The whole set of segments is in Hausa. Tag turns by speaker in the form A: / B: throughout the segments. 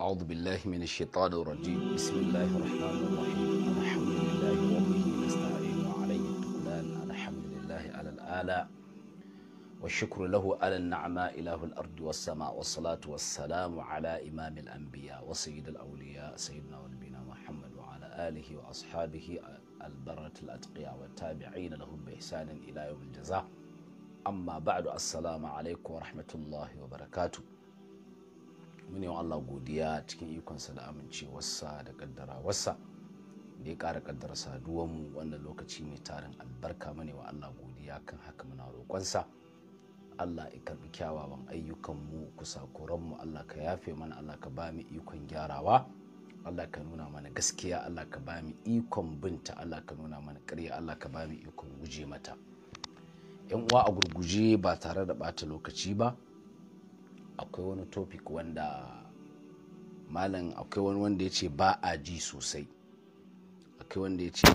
A: أعوذ بالله من الشيطان الرجيم بسم الله الرحمن الرحيم الحمد لله وبه نستعين وعليه التقلان الحمد لله على الآلاء والشكر له على النعماء إله الأرض والسماء والصلاة والسلام على إمام الأنبياء وسيد الأولياء سيدنا ونبينا محمد وعلى آله وأصحابه البرة الأتقياء والتابعين لهم بإحسان إلى يوم الجزاء أما بعد السلام عليكم ورحمة الله وبركاته mune wa Allah godiya cikin ikonsa da amincewarsa da kaddarawarsa da ya ƙara kaddara mu wannan lokaci mai tarin albarka mune wa Allah godiya kan haka muna roƙonsa Allah ya karɓi kyawawan ayyukanmu kusakuranmu Allah ka yafe mana Allah ka ba mu ikon gyarawa Allah ka nuna mana gaskiya Allah ka ba mu ikon binta Allah ka nuna mana ƙarya Allah ka ba mu ikon guje mata yan uwa a gurguje ba tare da ɓata lokaci ba akwai wani topic wanda malam akwai wani wanda ya ce ba a ji sosai akwai wanda ya ce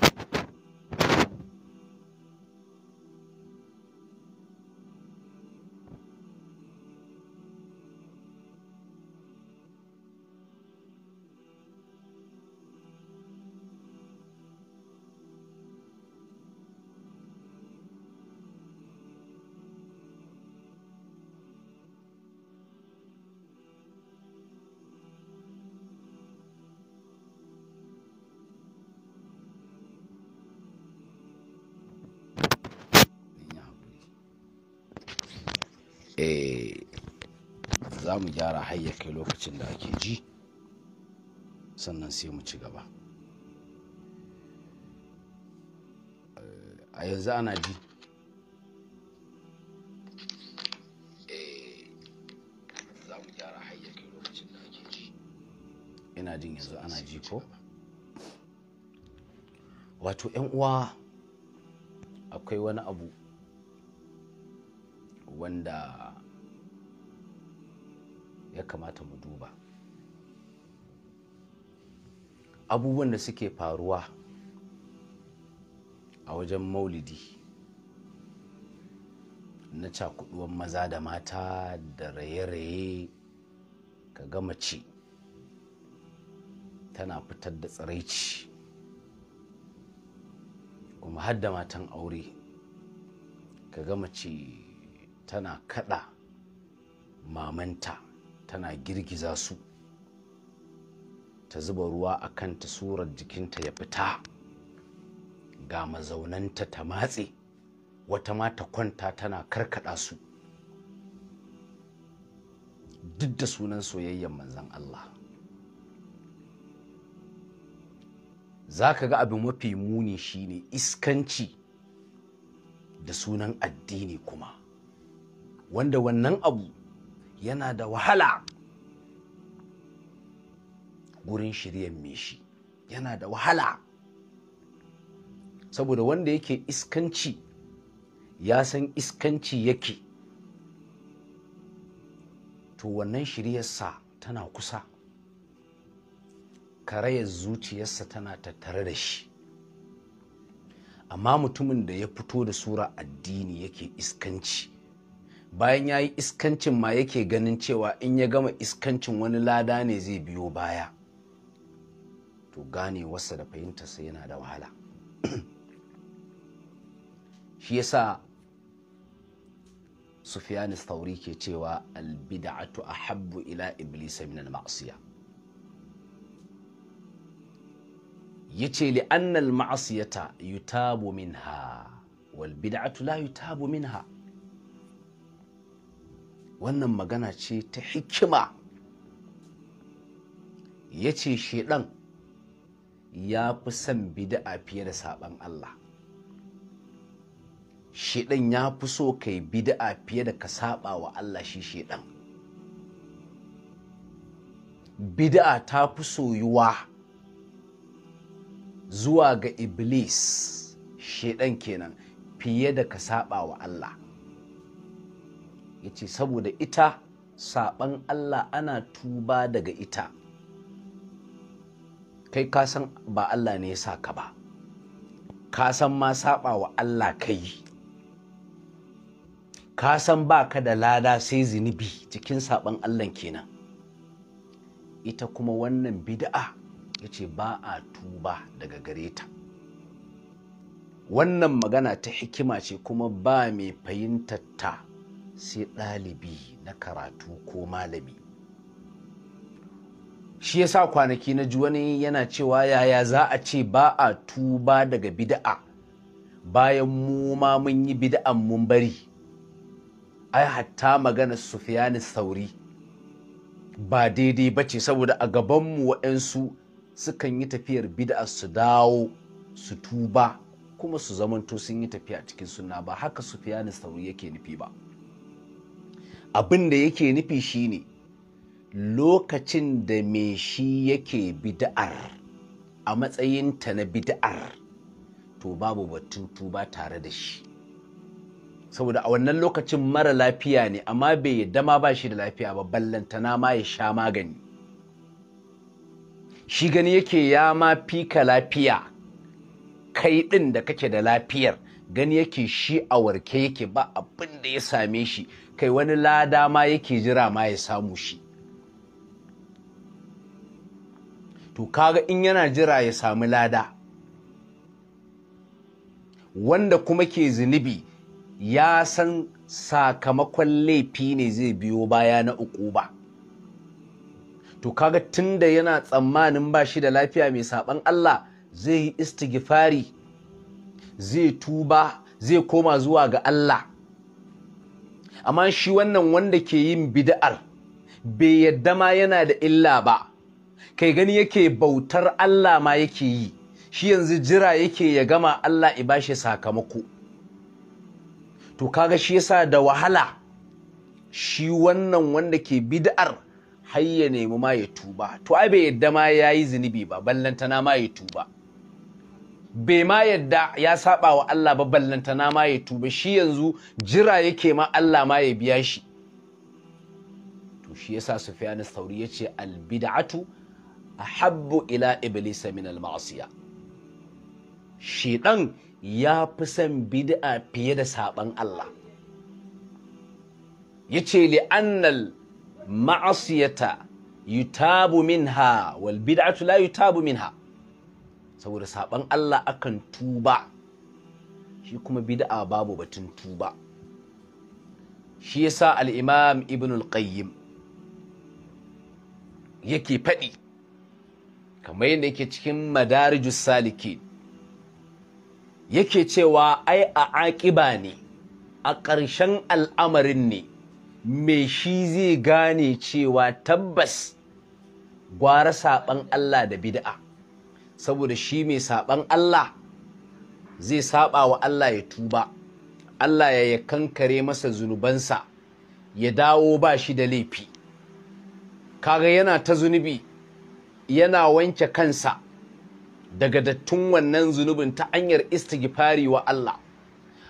A: za mu gyara har ya kai lokacin da ake ji sannan sai mu ci gaba a yanzu ana ji eh, ina jin yanzu ana ji ko wato yan uwa akwai wani abu wanda ya kamata mu duba abubuwan da suke faruwa a wajen maulidi na cakuduwan maza da mata da raye-raye ka gama ce tana fitar da tsiraici kuma har da matan aure ka gama ce tana kada mamanta tana girgiza su ta zuba ruwa a kanta surar jikinta ya fita ga mazaunanta ta matse wata ma ta kwanta tana karkada su duk da sunan soyayyen manzan Allah za ka ga abin mafi muni shine iskanci da sunan addini kuma wanda wannan abu yana da wahala gurin shirya me shi yana da wahala saboda wanda yake iskanci ya san iskanci yake to wannan shiryarsa tana kusa karayar zuciyarsa tana tattare da shi amma mutumin da ya fito da sura addini yake iskanci bayan ya yi iskancin ma yake ganin cewa in ya gama iskancin wani lada ne zai biyo baya to gane wasa da fahimtarsa yana da wahala shi yasa Sufiyanis Tauri ke cewa albida'atu a ahabbu ila iblisa min al-ma'siya yace li anna al-ma'siyata yutabu minha wal bid'atu la yutabu minha wannan magana ce ta hikima ya ce shaidan ya fi son bida'a fiye da saban Allah shaidan ya fi so kai bida'a fiye da ka saba wa Allah shi shaidan bida'a ta fi soyuwa zuwa ga iblis shaidan kenan fiye da ka saba wa Allah ya ce saboda ita saɓan Allah ana tuba daga ita kai kasan ba Allah ne ya sa ka ba kasan ma saɓa wa Allah kai ka san ba ka da lada sai zunubi cikin saɓan Allah kenan ita kuma wannan bid'a ya ce ba a tuba daga gare ta wannan magana ta hikima ce kuma ba mai fahimtar ta sai ɗalibi na karatu ko malami shi ya sa kwanaki na ji wani yana cewa yaya za a ce ba a tuba daga bida'a bayan mu ma mun yi bida'an mun bari ai hatta magana sufiyani sauri ba daidai ba ce saboda a gabanmu waɗansu sukan yi tafiyar bida'a su dawo su tuba kuma su zamanto sun yi tafiya cikin suna. ba haka sufiyani sauri yake nufi ba abin da yake nufi shine lokacin da me shi yake bid'ar a matsayinta na bid'ar to babu batun tuba tare da shi saboda a wannan lokacin mara lafiya ne amma bai yadda dama ba shi da lafiya ba ballantana ma ya sha magani shi gani yake ya ma fika lafiya kai ɗin da kake da lafiyar gani yake shi a warke yake ba abin da ya same shi kai wani lada ma yake jira ma ya samu shi to kaga in yana jira ya samu lada wanda kuma ke zunubi ya san sakamakon laifi ne zai biyo baya na uku ba to kaga tunda yana tsammanin ba shi da lafiya mai saban Allah zai yi istighfari zai tuba zai koma zuwa ga Allah amma shi wannan wanda ke yin bid'ar bai yadda ma yana da illa ba kai gani yake bautar Allah ma yake yi shi yanzu jira yake ya gama Allah i bashi sakamako to kaga shi yasa da wahala shi wannan wanda ke bid'ar har ya nemi ma ya tuba to ai bai yadda ma yayi zunubi ba ballantana ma ya tuba bai ma yadda ya saba wa Allah ba ballantana ma ya tuba shi yanzu jira yake ma Allah ma ya biya shi to shi yasa Sufyan al-Thawri yace al-bid'atu ahabbu ila iblis min al-ma'siyah shedan ya fi san bid'a fiye da saban Allah yace li annal ma'siyata yutabu minha wal bid'atu la yutabu minha saboda saban Allah akan tuba shi kuma bid'a babu batun tuba shi yasa al-imam ibn al-qayyim yake faɗi kamar yadda yake cikin madarijus saliki yake cewa ai a aƙiba ne a ƙarshen al'amarin ne me shi zai gane cewa tabbas gwara saɓan Allah da bid'a saboda shi mai saban Allah zai saba wa Allah ya tuba Allah ya kankare masa zunubansa ya dawo ba shi da laifi kaga yana ta zunubi yana wanke kansa daga dattun wannan zunubin ta hanyar istighfari wa Allah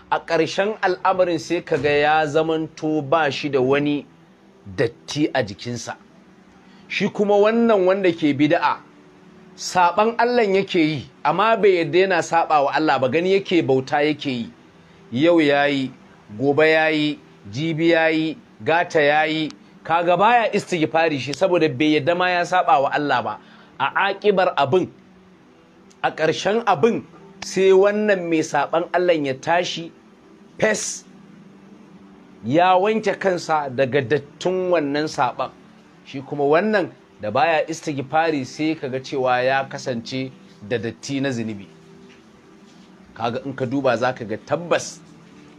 A: a ƙarshen al'amarin sai kaga ya zamanto ba shi da wani datti a jikinsa shi kuma wannan wanda ke bida'a saban Allah yake yi amma bai yadda yana saba wa Allah ba gani yake bauta yake yi yau yayi gobe yayi jibi yayi gata yayi kaga baya istighfari shi saboda bai yadda ma ya saba wa Allah ba a akibar abin a ƙarshen abin sai wannan mai saban Allah ya tashi fes ya wanke kansa daga dattun wannan saban shi kuma wannan da baya istighfari sai kaga cewa ya kasance da datti na zunubi kaga in ka duba zaka ga tabbas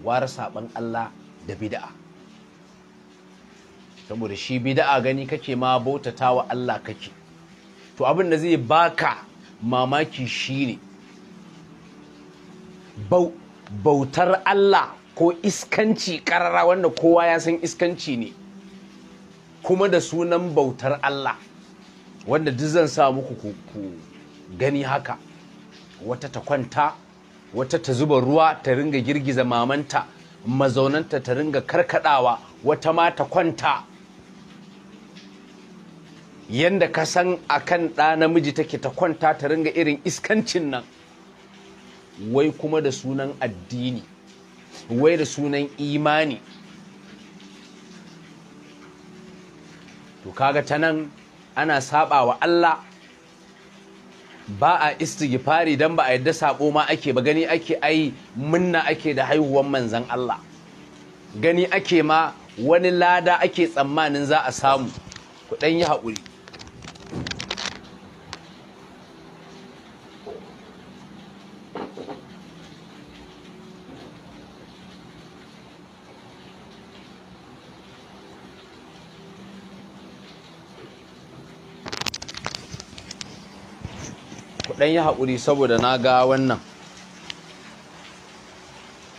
A: ware saban Allah da bid'a saboda shi bid'a gani kake ma bautatawa Allah kake to abin da zai baka mamaki shine bautar Allah ko iskanci karara wanda kowa ya san iskanci ne kuma da sunan bautar Allah wanda duk zan sa muku ku gani haka wata ta kwanta wata ta zuba ruwa ta ringa girgiza mamanta mazaunanta ta ringa karkadawa wata ma ta kwanta yanda ka san a kan ɗa namiji take ta kwanta ta ringa irin iskancin nan wai kuma da sunan addini wai da sunan imani to kaga ta nan ana saba wa Allah ba a istighfari dan ba a yadda sabo ma ake ba gani ake ai munna ake da haihuwan manzan Allah gani ake ma wani lada ake tsammanin za a samu ku dan yi haƙuri dan yi haƙuri saboda na ga wannan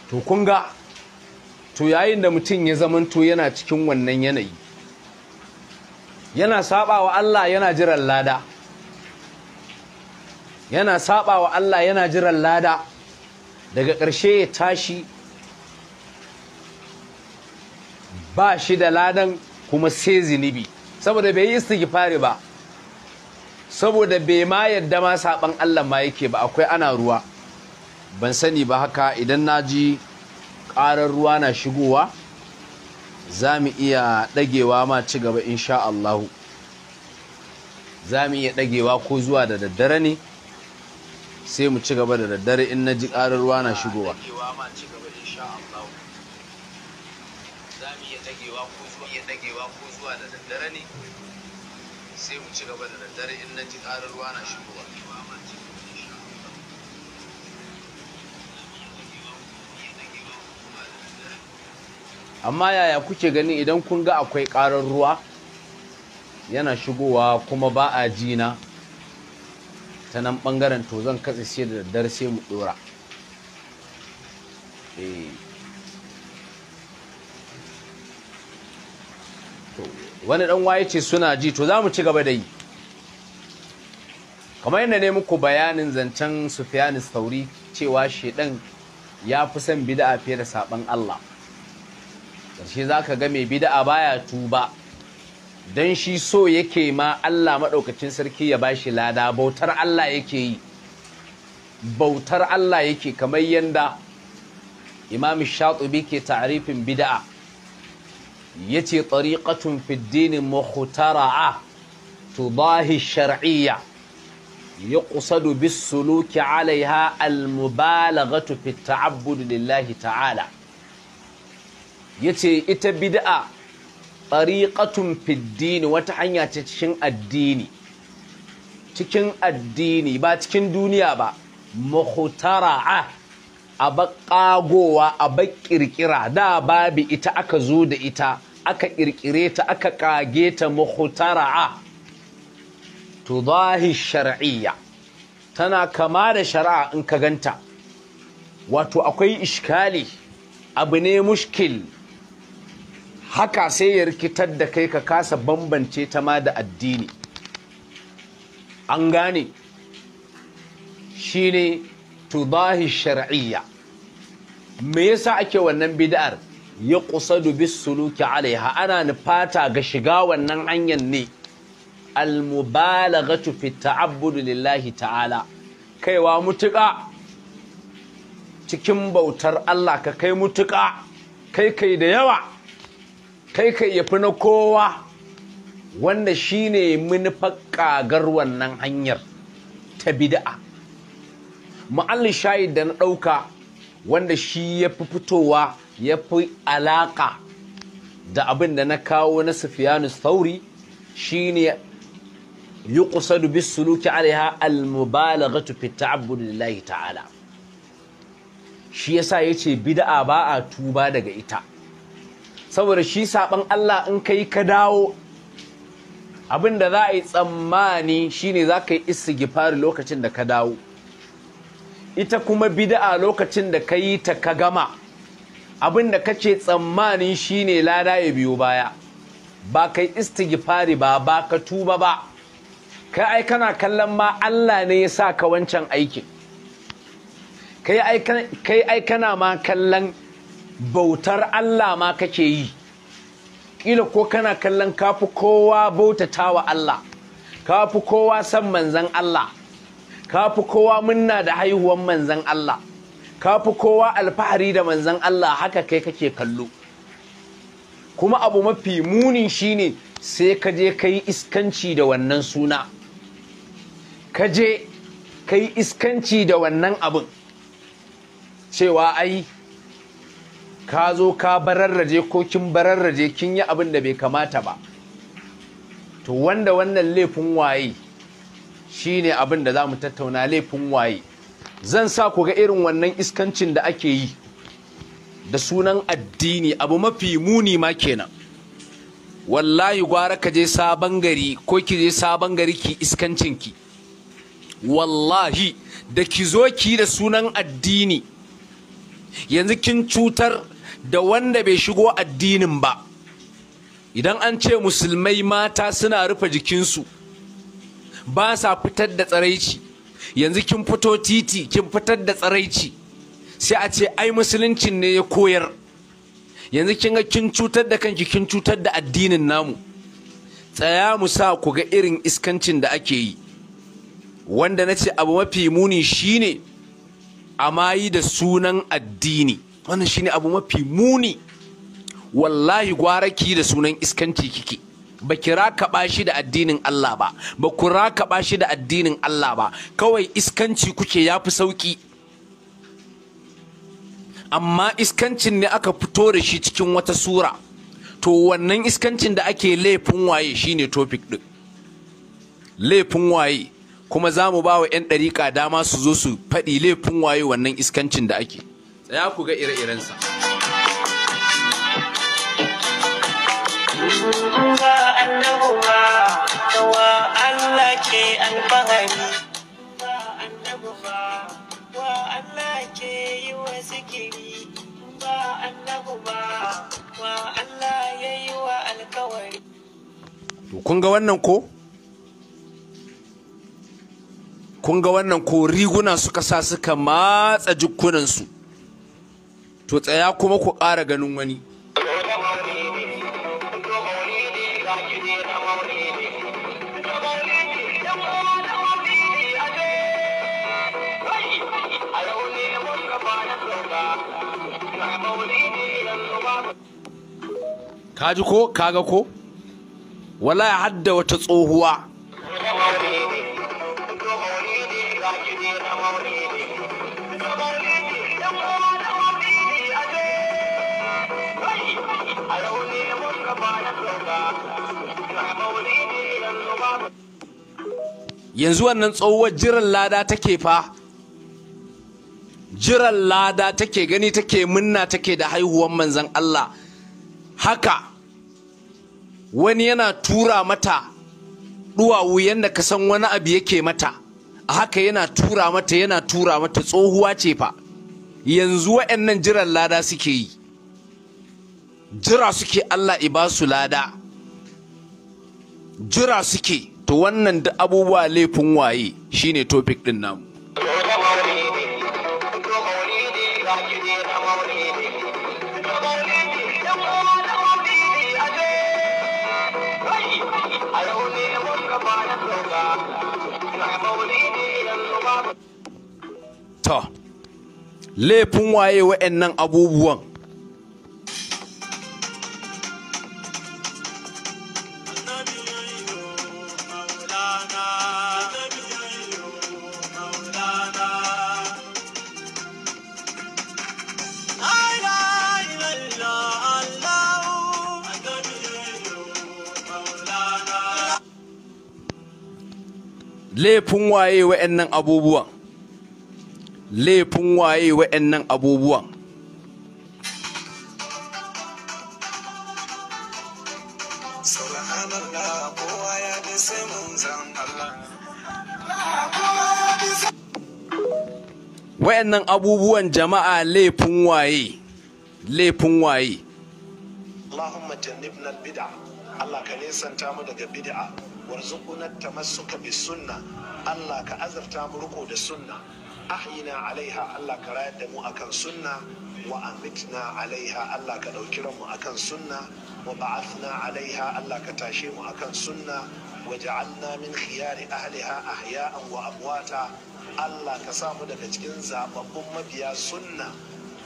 A: to kun ga to yayin da mutum ya zama to yana cikin wannan yanayi yana saba wa Allah yana jiran lada yana saba wa Allah yana jiran lada daga ƙarshe ya tashi ba shi da ladan kuma sai zinibi saboda bai yi istighfari ba saboda bai ma yadda ma saban Allah ma yake ba akwai ana ruwa ban sani ba haka idan na ji ƙarar ruwa na shigowa za mu iya ɗagewa ma ci gaba insha Allahu za mu iya ɗagewa ko zuwa da daddare ne sai mu ci gaba da daddare in na ji ƙarar ruwa na shigowa za mu iya ko zuwa da daddare ne sai mu ci gaba da daddare in na ji ƙarar ruwa na shigowa amma yaya kuke gani idan kun ga akwai ƙarar ruwa yana shigowa kuma ba a ji na ta nan ɓangaren to zan katse sai da daddare sai mu ɗora eh wani dan waye ce suna ji to za mu ci gaba da yi kamar yadda ne muku bayanin zancen sufiyani sauri cewa shaidan ya fi son bida'a fiye da saban Allah ƙarshe za ka ga mai bida'a baya tuba don shi so yake ma Allah maɗaukacin sarki ya ba shi lada bautar Allah yake yi bautar Allah yake kamar yadda imam shatubi ke tarifin bida'a yace tariqatun fi ad-din mukhtara'a tudahi ya kusa dubi suluki alaiha al-mubalaghatu fi lillahi ta'ala yace ita bid'a a fi ad wata hanya ce cikin addini cikin addini ba cikin duniya ba mukhtara'a a bakagowa a da babi ita aka zo da ita aka kirkire ta aka kage ta muhtara'a to zahi shar'iyya tana kama da shari'a in ka ganta wato akwai iskali. abu ne mushkil haka sai ya rikitar da kai ka kasa bambance ta ma da addini an gane shi ne tubahi shar'iyya me yasa ake wannan bid'ar ya qusadu bis suluki alaiha ana nufata ga shiga wannan hanyar ne al mubalaghatu fi ta'abbud lillahi ta'ala kaiwa mutuka cikin bautar Allah ka kai mutuka kai kai da yawa kai kai yafi na kowa wanda shine munfa kagar wannan hanyar ta bid'a ma'allin shayi da na ɗauka wanda shi ya fi fitowa ya fi alaƙa da abin da na kawo na sufiyanu sauri shi ne yi kusa da bisuluki alaiha almubalaghatu fita Abdullahi ta'ala shi ya yasa yace bida'a ba a tuba daga ita saboda shi sabon Allah in kai ka dawo abin da za a yi tsammani shi ne za ka yi gifari lokacin da ka dawo ita kuma bid'a lokacin da ka yi ta ka gama abin da kace tsammanin shine lada ya biyo baya ba kai istighfari ba ba ka tuba ba kai ai kana kallon ma Allah ne ya sa ka wancan aikin kai ai kana ma kallon bautar Allah ma kake yi kila ko kana kallon kafi kowa bautatawa Allah kafi kowa san manzan Allah kafi kowa munna da haihuwan manzan Allah kafi kowa alfahari da manzan Allah haka kai kake kallo kuma abu mafi munin shine sai ka je ka yi iskanci da wannan suna ka je ka iskanci da wannan abin cewa ai ka zo ka bararraje ko kin bararraje kin yi abin da bai kamata ba to wanda wannan laifin waye Shi ne abin da za mu tattauna laifin waye zan sa ku ga irin wannan iskancin da ake yi da sunan addini abu mafi muni ma kenan wallahi gwara ka je sabon gari ko ki je sabon gari ki iskancinki wallahi da ki zo ki da sunan addini yanzu kin cutar da wanda bai shigo addinin ba idan an ce musulmai mata suna rufe jikinsu ba sa fitar da tsaraici yanzu kin fito titi kin fitar da tsaraici sai a ce ai musuluncin ne ya koyar yanzu kin ga kin cutar da kanki kin cutar da addinin namu tsaya mu sa ku ga irin iskancin da ake yi wanda na ce abu mafi muni shine amma yi da sunan addini wannan shine abu mafi muni wallahi gwara ki da sunan iskanci kike ba ki rakaba shi da addinin Allah ba ba ku rakaba shi da addinin Allah ba kawai iskanci kuke ya fi sauki amma iskancin ne aka fito da shi cikin wata sura to wannan iskancin da ake laifin waye shine topic din laifin waye kuma za mu ba wa 'yan ɗariƙa dama su zo su faɗi laifin waye wannan iskancin da ake tsaya ku ga ire-irensa ga annabuwa
B: wa Allah ke alfahari ga annabuwa wa Allah ke yi wa zikiri ga annabuwa wa Allah ya yi wa alkawari
A: kun ga wannan ko kun ga wannan ko riguna suka sa suka matsa jikunansu to tsaya kuma ku ƙara ganin wani kaji ko kaga ko wala ya hadda wata tsohuwa yanzu wannan tsohuwar jiran lada take fa jiran lada take gani take munna take da haihuwar manzan Allah haka wani yana tura mata ɗuwawu yadda ka san wani abu yake mata a haka yana tura mata yana tura mata tsohuwa ce fa yanzu wa'annan jiran lada suke yi jira suke Allah iba su lada jira suke to wannan da abubuwa laifin waye shine topic din namu ta laifin waye wa'annan abubuwan laifin waye wa'annan abubuwan laifin waye wa'annan abubuwan wa'annan abubuwan jama'a laifin waye laifin waye
C: Allahumma jannibna bid'a Allah ka nesanta mu daga bid'a
B: warzuqna tamassuka bis sunna Allah ka azarta mu riko da sunna ahyina alaiha Allah ka rayar da mu akan sunna wa amitna alaiha Allah ka ɗauki ranmu akan sunna wa ba'athna alaiha Allah ka tashe mu akan sunna wa ja'alna min khiyari ahliha ahya'an wa amwata Allah ka samu daga cikin zababbun mabiya sunna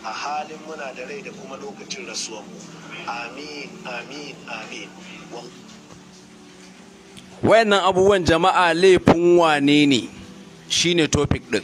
B: a halin muna da rai da kuma lokacin
A: mu amin amin amin wayannan abubuwan jama'a laifin wane ne shine topic din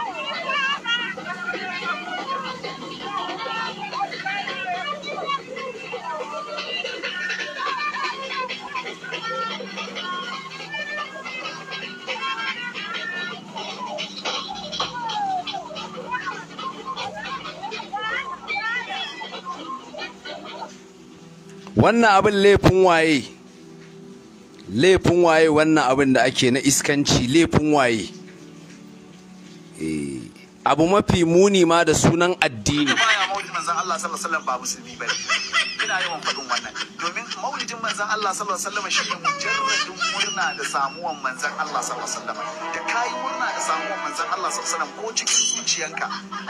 A: wannan abin laifin waye laifin waye wannan abin da ake na iskanci laifin waye eh, abu mafi muni ma da sunan addini
C: manzan Allah sallallahu ba musulmi bane ina yawan faɗin wannan domin maulidin manzan Allah sallallahu alaihi wasallam shi mujarradin murna da samuwan manzan Allah sallallahu alaihi wasallam da kayi murna da samuwan manzan Allah sallallahu alaihi wasallam ko cikin zuciyanka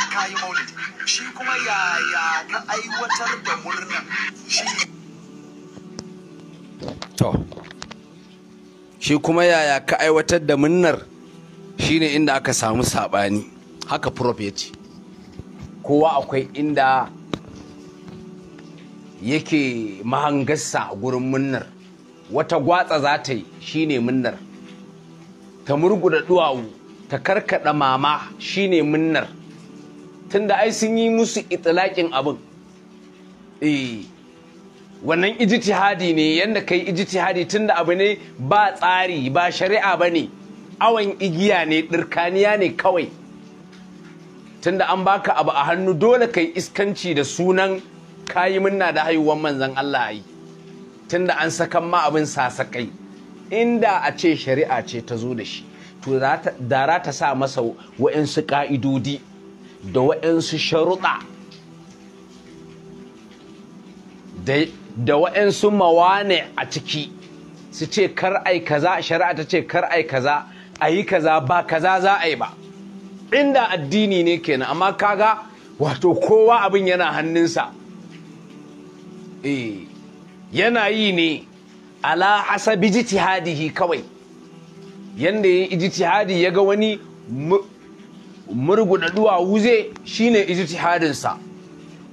C: kayi maulidi shi kuma yaya ka aiwatar da murna shi
A: to shi kuma yaya ka aiwatar da munnar shine inda aka samu saɓani haka prof kowa akwai inda yake mahangarsa a gurin munnar wata gwatsa za ta yi shine munnar ta murguda duwawu ta karkada mama shine munnar tunda ai sun yi musu itilakin abin eh wannan ijtihadi ne yanda kai ijtihadi tunda abu ne ba tsari ba shari'a ba ne awon igiya ne ɗirkaniya ne kawai tunda an baka abu a hannu dole kai iskanci da sunan kayi minna da haihuwan manzan Allah yi tunda an sakan ma abin sasakai inda a ce shari'a ce ta zo da shi to da ta sa masa wa'insu ƙa'idodi da wa'insu sharuɗa da da wa'ansu mawane a ciki su ce kar ai kaza shari'a ta ce kar ai kaza a yi kaza ba kaza za a yi ba inda addini ne kenan amma kaga wato kowa abin yana hannunsa eh, yana yi ne ala hasabi jitihadihi kawai yanda ya ijtihadi ya ga wani murguɗa wuze zai shine ijtihadinsa sa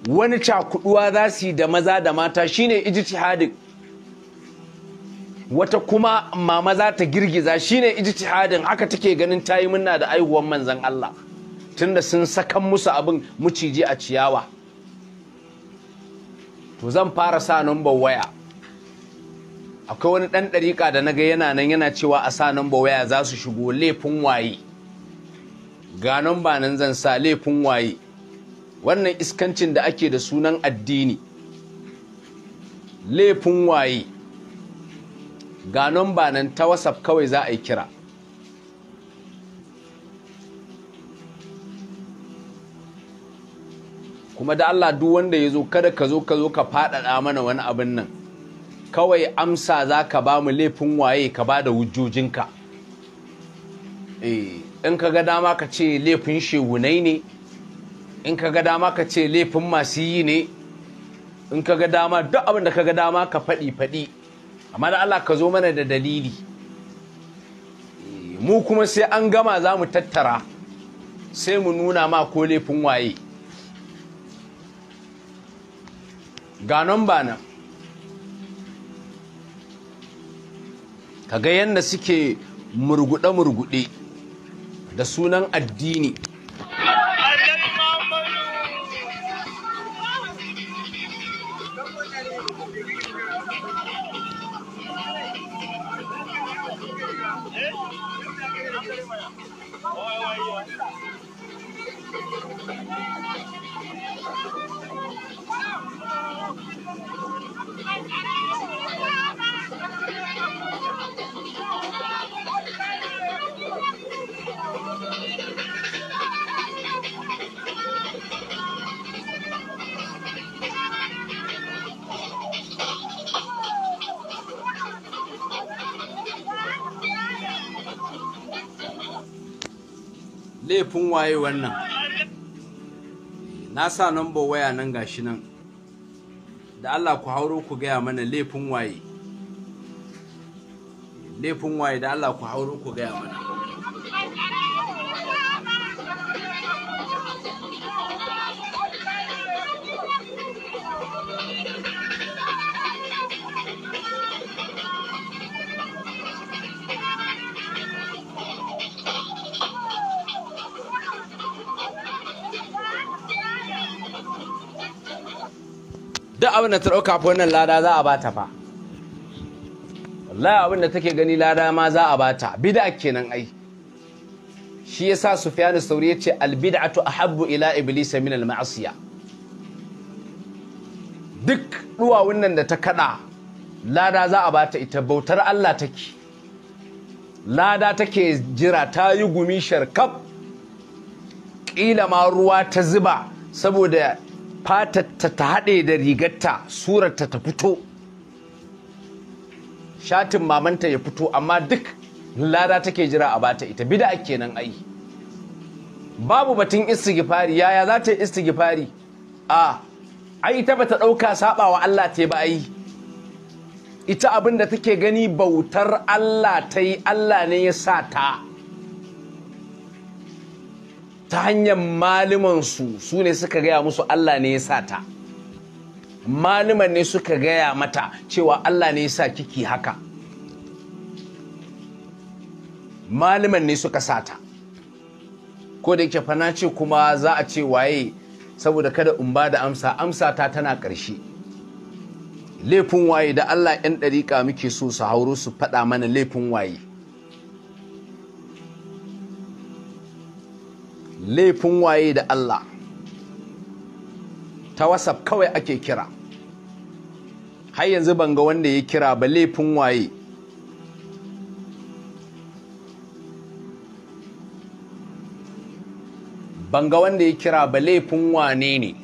A: wani cakuduwa za su yi da maza da mata shine ijtihadin wata kuma mama za ta girgiza shine ijtihadin haka take ganin ta yi munna da aihuwan manzan Allah tunda sun sakan musu abin muciji a ciyawa to zan fara sa number waya akwai wani ɗan ɗariƙa da na ga yana nan yana cewa a sa number waya za su shigo laifin waye ga number nan zan sa laifin waye wannan iskancin da ake da sunan addini laifin waye ga nan ba nan ta wasaf kawai za a yi kira kuma da Allah duk wanda ya zo kada ka zo ka zo ka faɗaɗa mana wani abin nan kawai amsa za ka ba mu laifin waye ka ba da wujojinka eh, in ka ga dama ka ce laifin shehunai ne in ka ga dama ka ce laifin masu yi ne in ka ga dama duk abin da ka ga dama ka faɗi faɗi amma da Allah ka zo mana da dalili mu kuma sai an gama za mu tattara sai mu nuna ma ko laifin waye ga nan ba nan ka ga yadda suke murguɗe-murguɗe da sunan addini 你碰外文了？na sa number waya nan gashi nan da Allah ku hauro ku gaya mana laifin waye laifin waye da Allah ku hauro ku gaya mana duk abin da ta ɗauka fa wannan lada za a bata fa wallahi abin da take gani lada ma za a bata bid'a kenan ai shi yasa Sufyan as-Sauri yace al-bid'atu ahabbu ila iblis min al-ma'siyah duk duwawun nan da ta kada lada za a bata ita bautar Allah take lada take jira ta yi gumi sharkaf ƙila ma ruwa ta zuba saboda fatarta ta haɗe da rigarta surarta ta fito shatin mamanta ya fito amma duk lada take jira a bata ita bida kenan ai babu batun istighfari yaya za ta yi istighfari a ai ta bata ɗauka saɓawa Allah ta ba ai ita abin da take gani bautar Allah ta yi Allah ne ya sa ta ta hanyar malumansu su ne suka gaya musu Allah ne ya sa ta maluman ne suka gaya mata cewa Allah ne ya sa kiki haka maluman ne suka sa ta ko da yake fana ce kuma za a ce waye saboda kada in ba da amsa amsa ta tana ƙarshe laifin waye da Allah 'yan ɗariƙa muke so su hauro su faɗa mana laifin waye laifin waye da Allah ta wasaf kawai ake kira har yanzu ban ga wanda ya kira ba laifin waye ban ga wanda ya kira ba laifin wane ne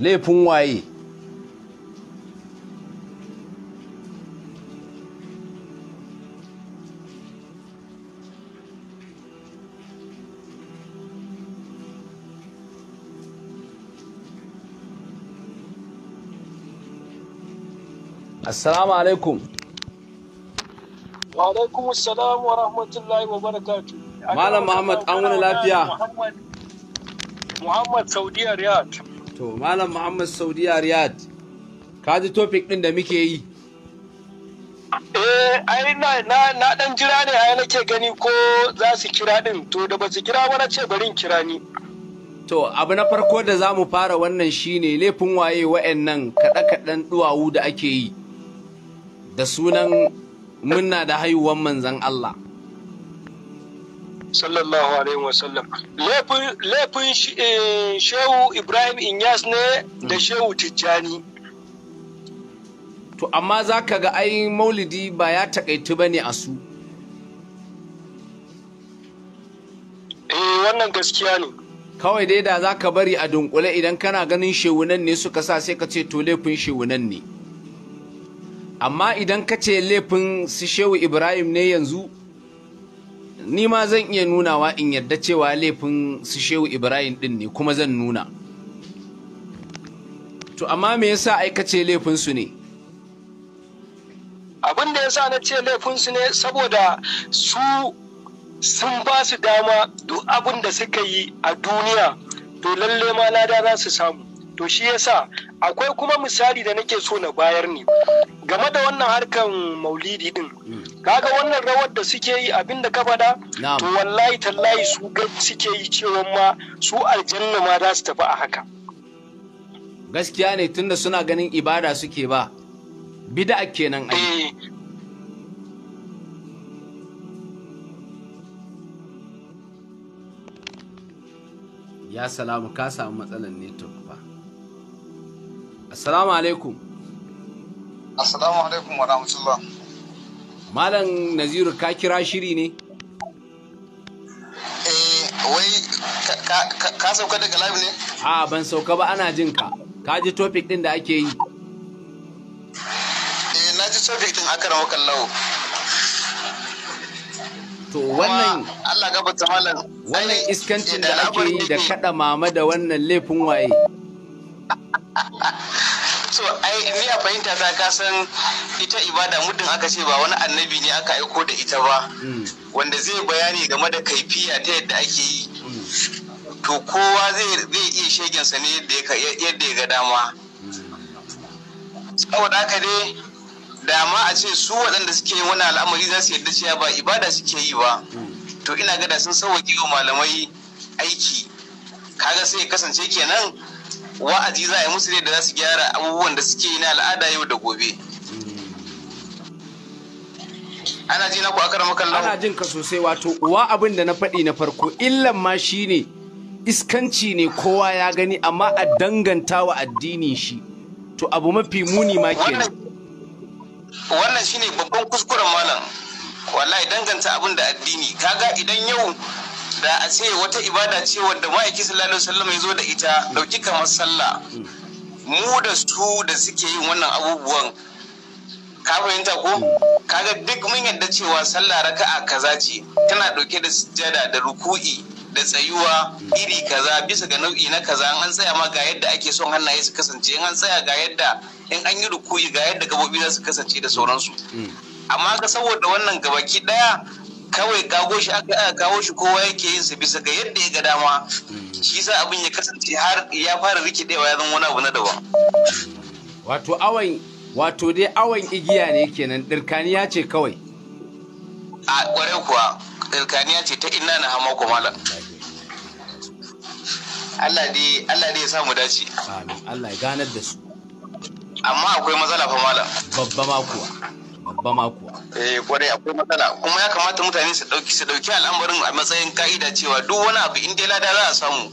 A: laifin waye assalamu alaikum
D: wa alaikum assalam wa rahmatullahi wa barakatu malam muhammad an wani lafiya
A: muhammad saudiya riyad to malam muhammad saudiya riyad ka ji topic din da muke yi eh ai na na dan jira ne ai
B: nake gani ko za su kira din to da ba su kira ba na ce bari in kira ni
A: To, abu na farko da za mu fara wannan shine laifin waye wa'annan kaɗe-kaɗen duwawu da ake yi. da sunan munna da haihuwan manzan Allah
B: sallallahu alaihi wasallam laifin eh,
A: shehu ibrahim inyas ne da mm. shehu tijjani to amma za ka ga ai maulidi ba ya takaitu ba ne a su eh wannan gaskiya ne kawai dai da za ka bari a dunkule idan kana ganin shewunan ne suka sa sai ka ce to laifin shewunan ne amma idan ka ce laifin su shehu ibrahim ne yanzu ni ma zan iya nunawa in yarda cewa laifin su shehu ibrahim din ne kuma zan nuna to amma me yasa ai ka ce laifin su ne abin da yasa na ce laifin su ne saboda su
B: sun ba su dama duk abin da suka yi a duniya to lalle ma lada za su samu to shi yasa akwai kuma misali da nake so na bayar ne game da wannan harkan maulidi din hmm. kaga wannan rawar da suke yi abin da ka faɗa to wallahi tallahi su suke yi cewa ma su aljanna ma
A: za su tafi a haka gaskiya ne tunda suna ganin ibada suke ba bida kenan ai eh. ya salamu ka samu matsalar network Assalamu alaikum. Assalamu alaikum wa rahmatullah. Malam Naziru ka kira shiri ne?
C: Eh, wai ka sauka daga
B: live
A: ne? A ban sauka ba ana jin ka. Ka ji topic din da ake yi. Eh,
C: na ji topic din aka rawa kallawo.
A: To wannan
C: Allah gabata malam.
A: Wannan iskancin eh, da ake yi da kada mama da wannan laifin waye.
B: so ai ni a fahimta ta ka san ita ibada muddin aka ce ba wani annabi ne aka aiko da ita ba hmm. wanda zai bayani game da kaifiya ta yadda ake yi
A: hmm.
B: to kowa zai
D: iya shegensa ne yadda ya ga dama saboda haka dai dama a ce su waɗanda suke yin wani al'amari za su yarda cewa ba ibada suke yi ba hmm. to ina gada sun sauwaƙe wa malamai aiki kaga sai ya kasance kenan wa'azi za a yi musu ne da za su gyara abubuwan da suke yi na al'ada yau da
A: gobe ana ji na ku akara makallahu ana jin ka sosai wato uwa abin da na faɗi na farko illan ma shi ne iskanci ne kowa ya gani amma a danganta wa addinin shi to abu mafi muni ma nan.
D: wannan shi ne babban kuskuren malam wallahi danganta abin da
B: addini kaga idan yau da a ce wata ibada ce wanda ma'aiki sallallahu alaihi wasallam ya zo da ita dauki kamar sallah mu da su da suke yin wannan abubuwan
D: ka fahimta ko kaga duk mun yadda cewa sallah raka'a kaza ce tana dauke da sujjada da ruku'i da tsayuwa iri kaza bisa ga nau'i na kaza an tsaya ma ga yadda ake son hannaye su kasance an tsaya ga yadda in an yi ruku'i ga yadda gabobi za su kasance da sauransu mm. amma ga saboda wannan gabaki daya kawai kago shi aka kawo shi kowa yake yin sa bisa ga yadda ya ga dama shi yasa abin ya kasance har ya fara rikidewa ya zama wani abu na daban
A: wato awan wato dai awon igiya ne kenan dirkaniya ce kawai
D: a kware kuwa dirkaniya ce ta inna na hama kumala
A: Allah dai Allah dai
B: ya samu dace
A: amin Allah ya ganar da su
D: amma akwai matsala fa
A: malam babba ma kuwa ba ma Eh kwarai akwai matsala
B: kuma ya kamata mutane su
D: dauki su dauki al'amarin a matsayin ka'ida cewa duk wani abu in dai lada za a samu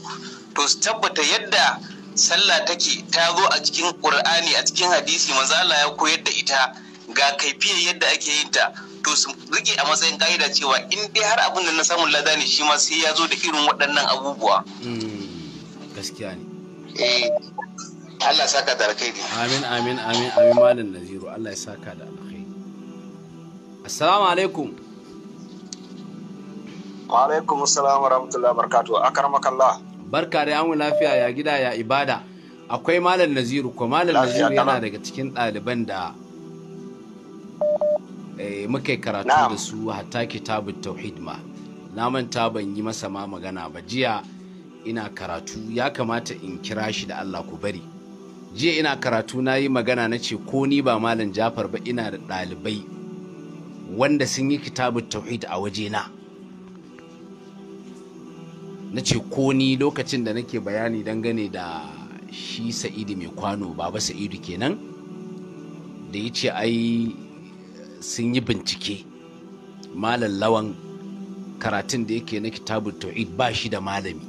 D: to su tabbata yadda sallah take ta zo a cikin Qur'ani a cikin hadisi manzo Allah ya koyar da ita ga kaifiyar yadda ake yin ta to su rike a matsayin ka'ida cewa in dai har abin da na samun lada ne shi ma sai ya zo da irin waɗannan abubuwa.
A: Hmm, gaskiya ne. Eh Allah saka da ne. Amin amin amin amin malam Naziru Allah ya saka da assalamu alaikum wa alaikum assalam wa rahmatullahi wa barakatuh makalla. barka da an lafiya ya gida ya ibada akwai malam naziru ko malam naziru yana daga cikin ɗaliban da eh, muka yi karatu da su hatta kitabun tauhid ma na manta ban yi masa ma magana ba jiya ina karatu ya kamata in kira shi da Allah ku bari jiya ina karatu na yi magana na ce ko ni ba malam jafar ba ina da ɗalibai wanda sun yi kitabun tauhid a waje na ce ko ni lokacin da nake bayani dangane da shi sa'idu mai kwano baba sa'idu kenan da ya ce ai sun yi bincike malallawan karatun da yake na kitabun tauhid ba shi da malami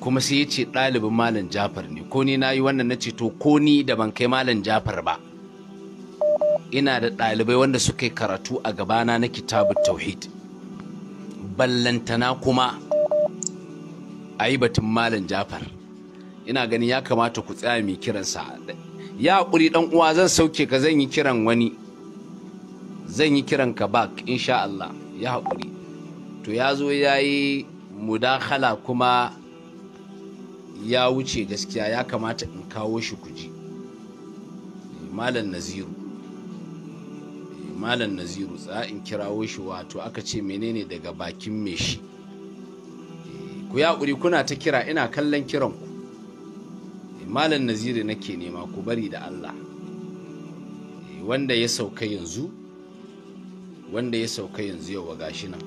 A: kuma sai ya ce ɗalibin malam jafar ne ko ni na yi wannan na ce to ko ni da ban kai malam jafar ba ina da ɗalibai wanda suka yi karatu a gabana na kitabun tauhid ballantana kuma a yi batun malam jafar ina gani ya kamata ku tsaya mai kiransa ya haƙuri ɗan uwa zan sauke ka zan yi kiran wani zan yi kiran ka bak insha Allah ya haƙuri to ya zo ya yi mudakala kuma ya wuce gaskiya ya kamata in kawo shi kuji malam naziru malam naziru tsa in kirawo shi wato aka ce menene daga bakin me shi eh, ku ya ƙuri kuna ta kira ina kallon kiran ku eh, malam naziru nake nema ku bari da allah eh, wanda ya sauka yanzu wanda ya sauka yanzu yau ga shi nan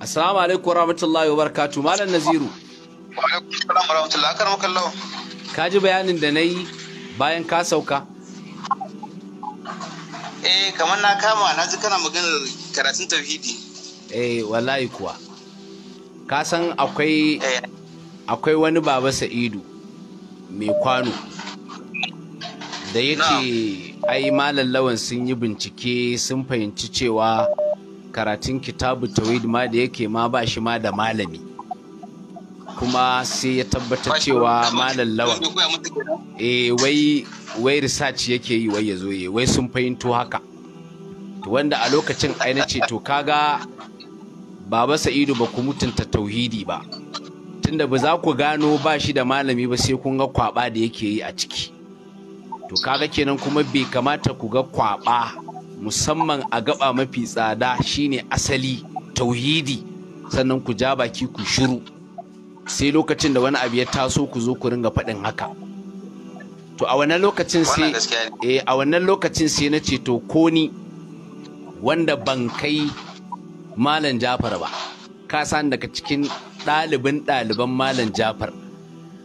A: assalamu alaikum warahmatullahi wabarakatuh malam naziru Ka ji bayanin da na yi bayan ka sauka?
B: Eh, kamar na
D: kama na ji kana maganar karatun tauhidi.
A: Eh, wallahi kuwa. Ka san akwai eh. akwai wani baba Sa'idu mai kwano da yake ai malallawan sun yi bincike sun fahimci cewa karatun kitabu tawhid ma da yake ma ba shi ma da malami. kuma sai ya tabbatar cewa malam lawan eh wai wai research yake yi wai ya zo yi wai sun fahimto haka to wanda a lokacin ai na ce to kaga baba sa'idu ba ku mutunta tauhidi ba tunda ba za ku gano ba shi da malami ba sai kun ga kwaba da yake yi a ciki to kaga kenan kuma bai kamata ku ga kwaba musamman a gaba mafi tsada shine asali tauhidi sannan ku ja baki ku shiru sai lokacin da wani abu ya taso ku zo ku ringa faɗin haka to a wannan lokacin sai eh a wannan lokacin sai na ce to ko ni wanda ban kai malam Jafar ba ka san daga cikin ɗalibin ɗaliban malam Jafar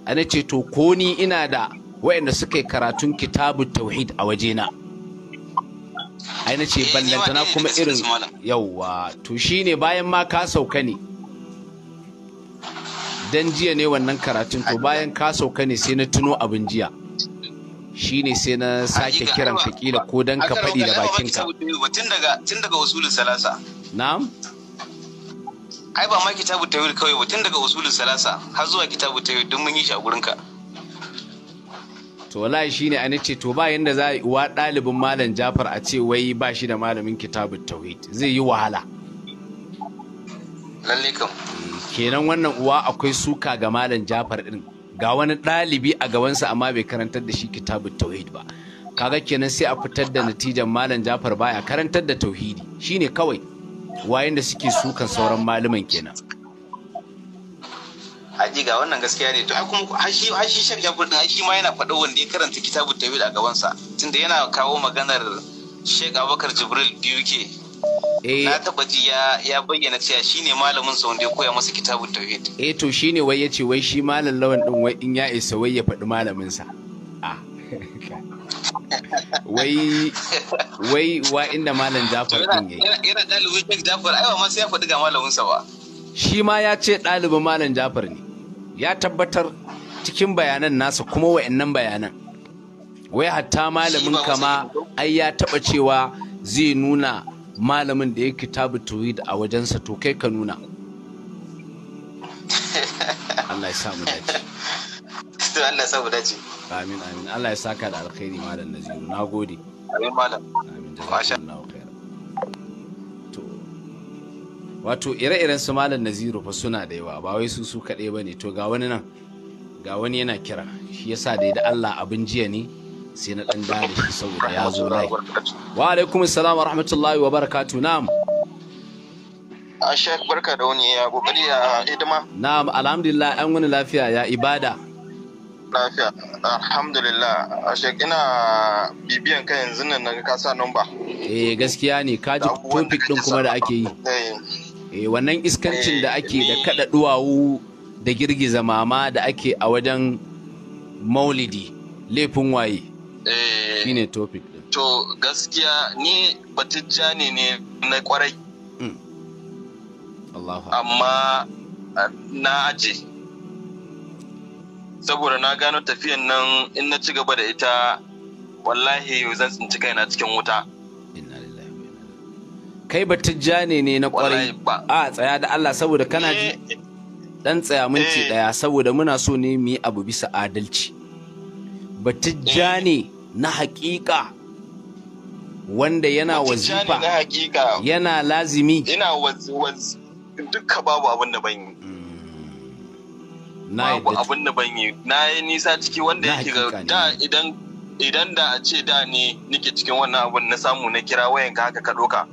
A: a na ce to ko ni ina da waɗanda suka yi karatun kitabu tauhid a wajena ai na ce eh, ballantana kuma irin yauwa to shine bayan ma ka sauka ne dan jiya ne wannan karatun to bayan ka sauka ne sai na tuno abin jiya Shi ne sai na sake kiran ka kila ko dan ka faɗi da bakinka
C: tun
D: daga tun daga salasa na'am ai ba ma kitabu tawil kawai ba tun daga usulul salasa har zuwa kitabu tawil don mun yi shi a gurin ka
A: to wallahi shine a ce to ba yanda za a wa ɗalibin malam Jafar a ce wai ba shi da malamin kitabu tawhid zai yi wahala lalle kam kenan wannan uwa akwai suka ga malam jafar din ga wani ɗalibi a gabansa amma bai karantar da shi kitabun tauhid ba kaga kenan sai a fitar da natijan malam jafar baya karantar da tauhidi shine kawai wayan da suke sukan sauran malaman kenan
B: haji ga wannan gaskiya ne to har kuma har shi har shi shek din shi ma yana faɗo
D: wanda ya karanta kitabun tauhid a gabansa tunda yana kawo maganar Sheikh Abubakar Jibril ke Eh. na taba ji ya ya bayyana cewa shi ne malamin sa wanda ya koya masa kitabun
A: tauhid eh to ne wai ya ce, wai shi malam lawan din wai in ya isa wai ya faɗi malamin sa ah wai wai wa inda malam Jafar din
D: yayi yana dalibin Sheikh Jafar aiwa ma sai ya faɗi ga malamin sa ba
A: shi ma ya ce ɗalibin malam Jafar ne ya tabbatar cikin bayanan nasa kuma wa'annan bayanan wai hatta malamin kama ai ya taba cewa zai nuna malamin da ya kitabu tawhid a wajensa to kai ka nuna Allah ya sa mu dace
D: to Allah ya sa mu dace
A: amin amin Allah ya saka da alkhairi malam Naziru nagode amin malam amin jazakallahu khairan wato ire-iren su malam Naziru fa suna da yawa ba wai su su kaɗai ne to ga wani nan ga wani yana kira shi yasa da Allah abin jiya ne sai na dan dare shi saboda ya zo lai wa alaikum assalam wa rahmatullahi wa barakatu nam.
D: a ah, shek barka da wani ya kokari ya hidima
A: nam alhamdulillah an wani lafiya ya ibada
D: lafiya alhamdulillah a ah, shek ina bibiyan kan yanzu nan na
A: ka sa numba eh gaskiya ne ka ji topic din kuma da ake yi eh. eh wannan iskancin da eh, ake da kada duwawu da girgiza mama da ake a wajen maulidi laifin waye Eh, shine topic
D: to gaskiya ni batijja ne na kwarai hmm. amma na aje saboda na gano tafiyan nan in na ci gaba da ita wallahi zan tsinci kaina cikin wuta
A: kai batijja ne na kwarai a tsaya da Allah saboda kana ji eh, dan tsaya minti eh. daya saboda muna so ne mu yi abu bisa adalci ne. na haƙiƙa wanda yana wazifa yana lazimi
D: yana dukka babu abin da ban yi mm. babu abin da yi na yi nisa ciki wanda yake ga da idan idan da a ce da ne nike cikin wannan abin na samu na kira wayan ka haka ka ɗoka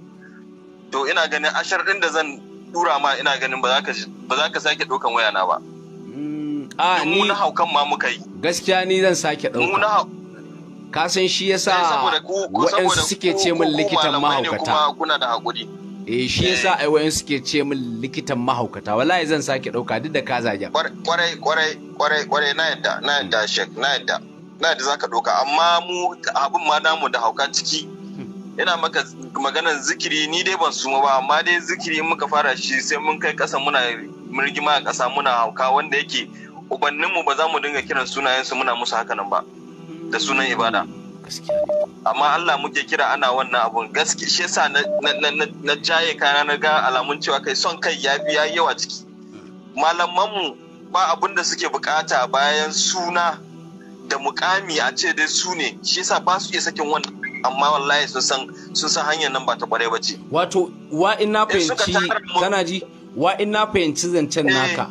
D: to ina ganin ashar ɗin da zan dura ma ina ganin ba za ka sake ɗokan wayana ba mm. a ni na haukan ma muka yi
A: gaskiya ni zan sake ɗauka ka san shi yasa eh, waɗansu suke ce min likitan mahaukata eh shi eh. yasa ai wayan suke ce min likitan mahaukata wallahi zan sake dauka duk da ka zaga kwarai
D: kwarai kwarai kwarai na yadda na yadda shek na yadda na yadda zaka dauka amma mu abin ma namu da hauka ciki ina maka maganar zikiri ni dai ban suma ba amma dai zikiri in muka fara shi sai mun kai kasa muna mirgima a kasa muna hauka wanda yake ubanninmu ba za mu dinga kiran sunayensu muna musu haka nan ba da sunan ibada amma Allah muke kira ana wannan abun gaske shi yasa na jaye kana na ga alamun cewa kai son kai ya biya yawa ciki malamanmu ba abun da suke bukata bayan suna da mukami a ce dai su ne shi yasa ba su iya sakin wannan amma wallahi sun san sun san hanyar nan ba ta kwarai
A: ba ce wato wa in na eh, fahimci kana ji wa in na fahimci zancen eh. naka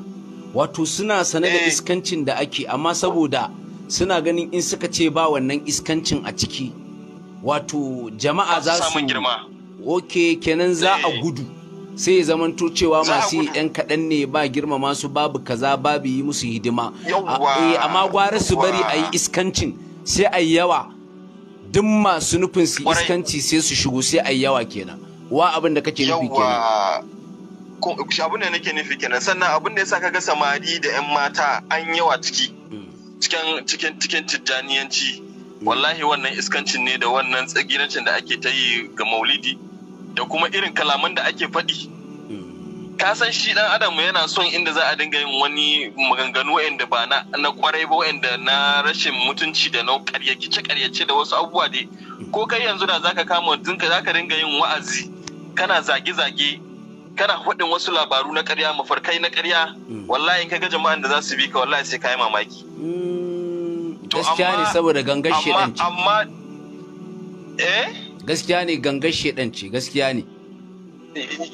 A: wato suna sane da eh. iskancin da ake amma saboda suna ganin in suka ce ba wannan iskancin a ciki wato jama'a za su girma. oke kenan za a eh. gudu sai zamanto cewa masu yan kaɗan ne ba girmama su babu kaza babu yi musu hidima eh, amma gwara su bari a yi iskancin sai a yi yawa duk masu nufin su iskanci sai su shigo sai a yi yawa kenan wa abin da kake nufi kenan abin da nake nufi kenan sannan abin da
D: ya sa kaga samari da 'yan mata an yawa ciki cikin cikin tijjaniyanci wallahi wannan iskancin ne da wannan tsagirancin da ake ta yi ga maulidi da kuma irin kalaman da ake faɗi ka san shi dan adam yana son inda za a dinga yin wani maganganu wa'anda ba na na kwarai ba wa'anda na rashin mutunci da na karyace karyace da wasu abubuwa dai ko kai yanzu da zaka kama dinka zaka dinga yin wa'azi kana zage zage kana faɗin wasu labaru na ƙarya mafarkai na ƙarya mm. wallahi in ka ga jama'an da za su bi ka wallahi sai ka yi mamaki
A: mm. gaskiya ne saboda gangar shedan ce
D: amma eh
A: gaskiya ne gangar shedan ce gaskiya ne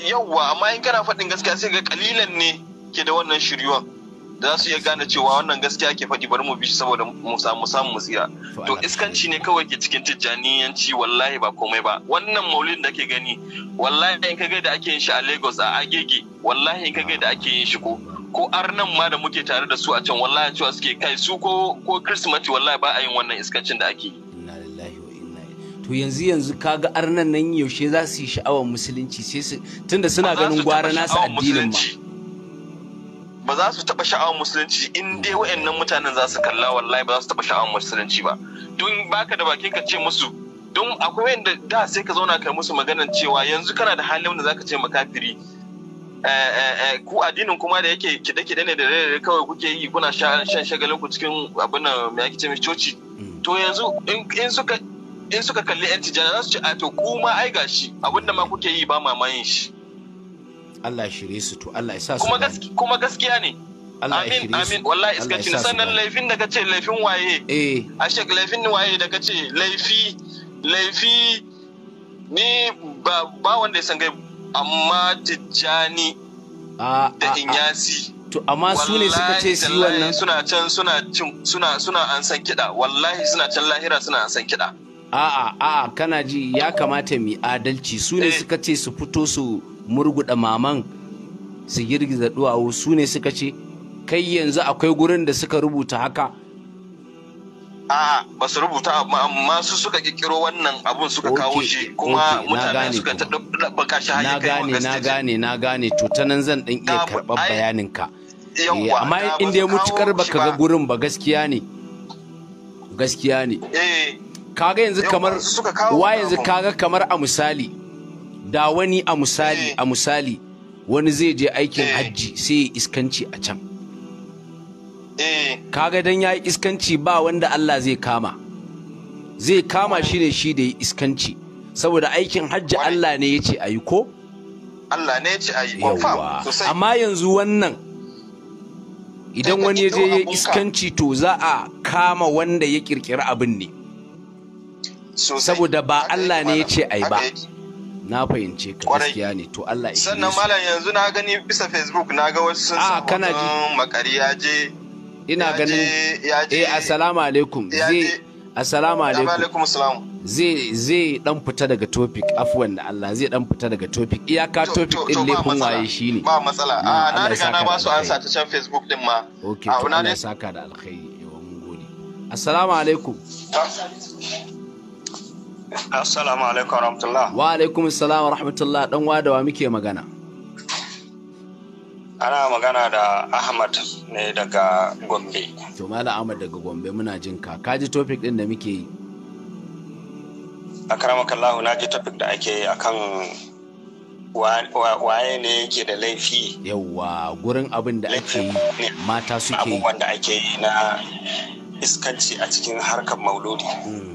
D: yawwa amma in kana faɗin gaskiya sai ga kalilan ne ke da wannan shiryuwan za su iya gane cewa wannan gaskiya ke faɗi bari mu bi shi saboda mu samu samu tsira to iskanci ne kawai ke cikin tijjaniyanci wallahi ba komai ba wannan maulid da ke gani wallahi in ka ga da ake yin shi a Lagos a Agege wallahi in ka ga da ake yin shi ko ko arnan ma da muke tare da su a can wallahi cewa suke kai su ko ko Kirsimati wallahi ba a yin wannan iskancin da ake yi
A: to yanzu yanzu kaga arnan nan yaushe za su yi sha'awar musulunci sai su tunda suna ganin gwara nasu addinin ma
D: ba za su taɓa sha'awar musulunci in dai wa'annan mutanen za su kalla wallahi ba za su taɓa sha'awar musulunci ba don baka da bakin ka ce musu don akwai wanda da sai ka zauna kai musu maganar cewa yanzu kana da halin da zaka ce makafiri eh, eh, eh, ku addinin kuma da yake kide-kide ne da rere kawai kuke yi kuna shan shagalin ku cikin abin nan me yake ce coci mm. to yanzu in suka in suka kalli yan tijjani za su ce a to kuma ai gashi abin da ma kuke yi ba mamayin shi
A: Allah ya shirye su to Allah ya sa su
D: kuma gaskiya ne amin amin wallahi iska cin. sannan laifin da kace laifin waye eh ashek laifin waye da kace laifi laifi ni ba ba wanda ya san gai amma tijjani da inyasi to amma su ne suka ce su wannan suna can suna cin suna suna an san kiɗa wallahi suna can lahira suna an san kiɗa
A: a'a a'a kana ji ya kamata mu adalci su ne eh. suka ce su fito su Murguɗa maman su girgiza duwawu su ne suka ce kai yanzu akwai gurin da suka rubuta haka A'a
D: ba su rubuta amma su suka kirkiro wannan abun suka kawo shi kuma mutane suka ta
A: dabba shi na gane na gane na gane to ta nan zan dan iya karɓar bayanin eh, ka amma in dai mutukar baka ga gurin ba gaskiya ne gaskiya ne eh. kaga yanzu kamar wa yanzu kaga kamar a misali da wani a misali eh. a misali wani zai je aikin eh. hajji sai ya iskanci a can eh. kaga dan ya yi iskanci ba wanda Allah zai kama zai kama shi ne shi da ya iskanci saboda aikin hajji Allah ne ya ce a yi ko Allah ne ya ce a yi amma yanzu wannan idan wani zai je ya iskanci to za a kama wanda ya kirkiri abin ne saboda ba Allah ne ya ce a yi ba na fahimce ka gaskiya ne to Allah ya sannan malam
D: yanzu na gani bisa facebook na ga wasu sun ah, kana ji makari ya je
A: ina ganin eh assalamu alaikum zai assalamu alaikum alaikum assalam zai zai dan fita daga topic afwan da Allah zai dan fita daga topic iyaka topic din ne laifin waye shine ba matsala mm, a ah, na riga na ba su ansa ta
D: can facebook din ma
A: okay to ne saka da alkhairi yawan gode assalamu alaikum Assalamu alaikum rahmatullah. Wa alaikum assalam rahmatullah dan wadawa muke magana. Ana magana da Ahmad ne daga Gombe. To Malam Ahmad daga Gombe muna jin ka. Ka ji topic din da muke yi.
B: Akramakallahu na ji topic da ake yi akan waye ne yake da laifi Yawwa
A: gurin abin da ake yi mata suke abubuwan
B: da ake yi na iskanci a cikin harkar mauludi hmm.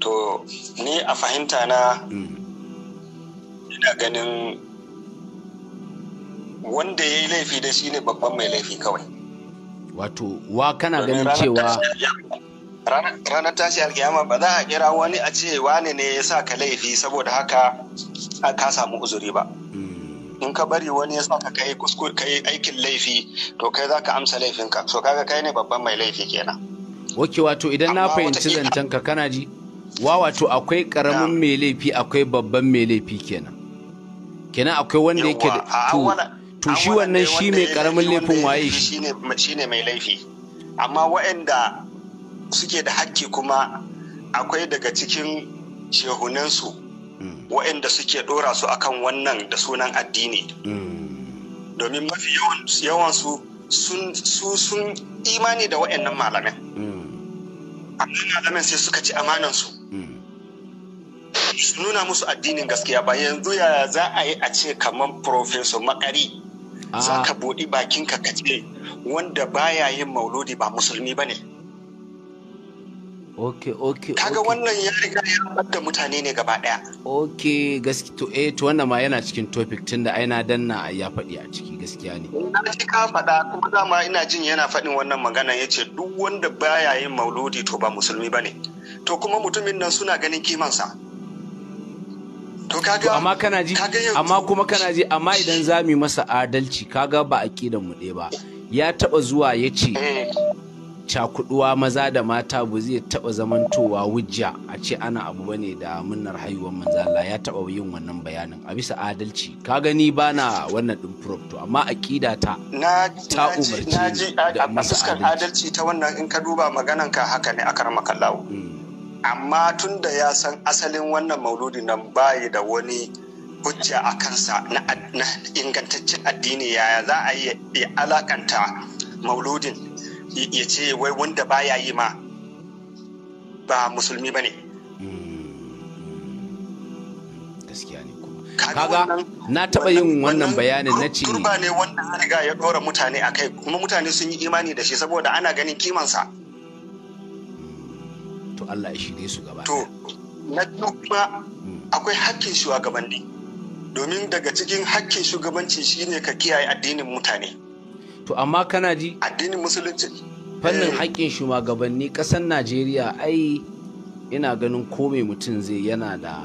B: to ni a fahimta na hmm. ina ganin wanda ya yi laifi da shi ne babban mai laifi kawai
A: wato wa kana ganin cewa
B: ranar tashi alkiyama ba za a kira wani a ce wani ne ya sa ka laifi saboda haka ka samu uzuri ba
A: hmm.
B: in ka bari wani ya sa ka kai kuskure kai aikin laifi to kai za ka amsa laifinka so kaga kai ne babban mai laifi kenan
A: Wake wato idan na fahimci zancen ka kana ji wa wato akwai karamin mai laifi akwai babban mai laifi kenan kenan akwai wanda yake to shi wannan shi mai karamin laifin waye shi
B: ne mai laifi
A: amma waɗanda
B: suke da hakki kuma akwai daga cikin su mm. waɗanda suke ɗora su akan wannan da sunan addini
A: mm.
B: domin mafi yawansu su sun imani da waɗannan malamin
A: mm.
B: amma malamin sai suka ci amanansu nuna musu addinin gaskiya ba yanzu ya za a yi a ce kamar professor makari ah. za ka bodi bakinka ka ce wanda baya yin mauludi ba musulmi ba ne
A: ok ok kaga wannan
B: ya riga ya da mutane ne gaba
A: daya ok gaskiya to eh to wannan ma yana cikin topic tunda ai na danna ya faɗi a ciki gaskiya ne
B: na ji ka faɗa kuma dama ina jin yana faɗin wannan magana yace duk wanda baya yin mauludi to ba musulmi bane to kuma mutumin nan suna ganin kimansa
A: to amma kana ji amma kuma kana ji amma idan za mu masa adalci kaga ba aqidan mu ɗaya ba ya taba zuwa ya ce cakuduwa maza da mata ba zai taba zamantowa wujja a ce ana abu bane da munnar haihuwar manzo Allah ya taba yin wannan bayanin a bisa adalci ka gani bana wannan din amma aqida ta ta umarci da masa adalci
B: ta wannan in ka duba maganan ka haka ne akar makallawo hmm. amma tun da ya san asalin wannan mauludi nan bayi da wani hujja a kansa na ingantaccen addini yaya za a yi alakanta mauludin ya ce wai wanda baya
A: yi ma ba musulmi ba hmm. ne kaga na taɓa yin wannan bayanin na ce
B: ne wanda ya riga ya ɗora mutane a kai kuma mutane sun yi imani da shi saboda ana ganin kimansa
A: Allah ya shirye su gaba
B: to na dubba hmm. akwai hakkin shugabanni domin daga cikin hakkin shugabanci shine ka kiyaye
A: addinin mutane to amma kana ji addinin musulunci fannin eh. hakkin shugabanni ƙasar Najeriya ai ina ganin ko mai mutum zai yana da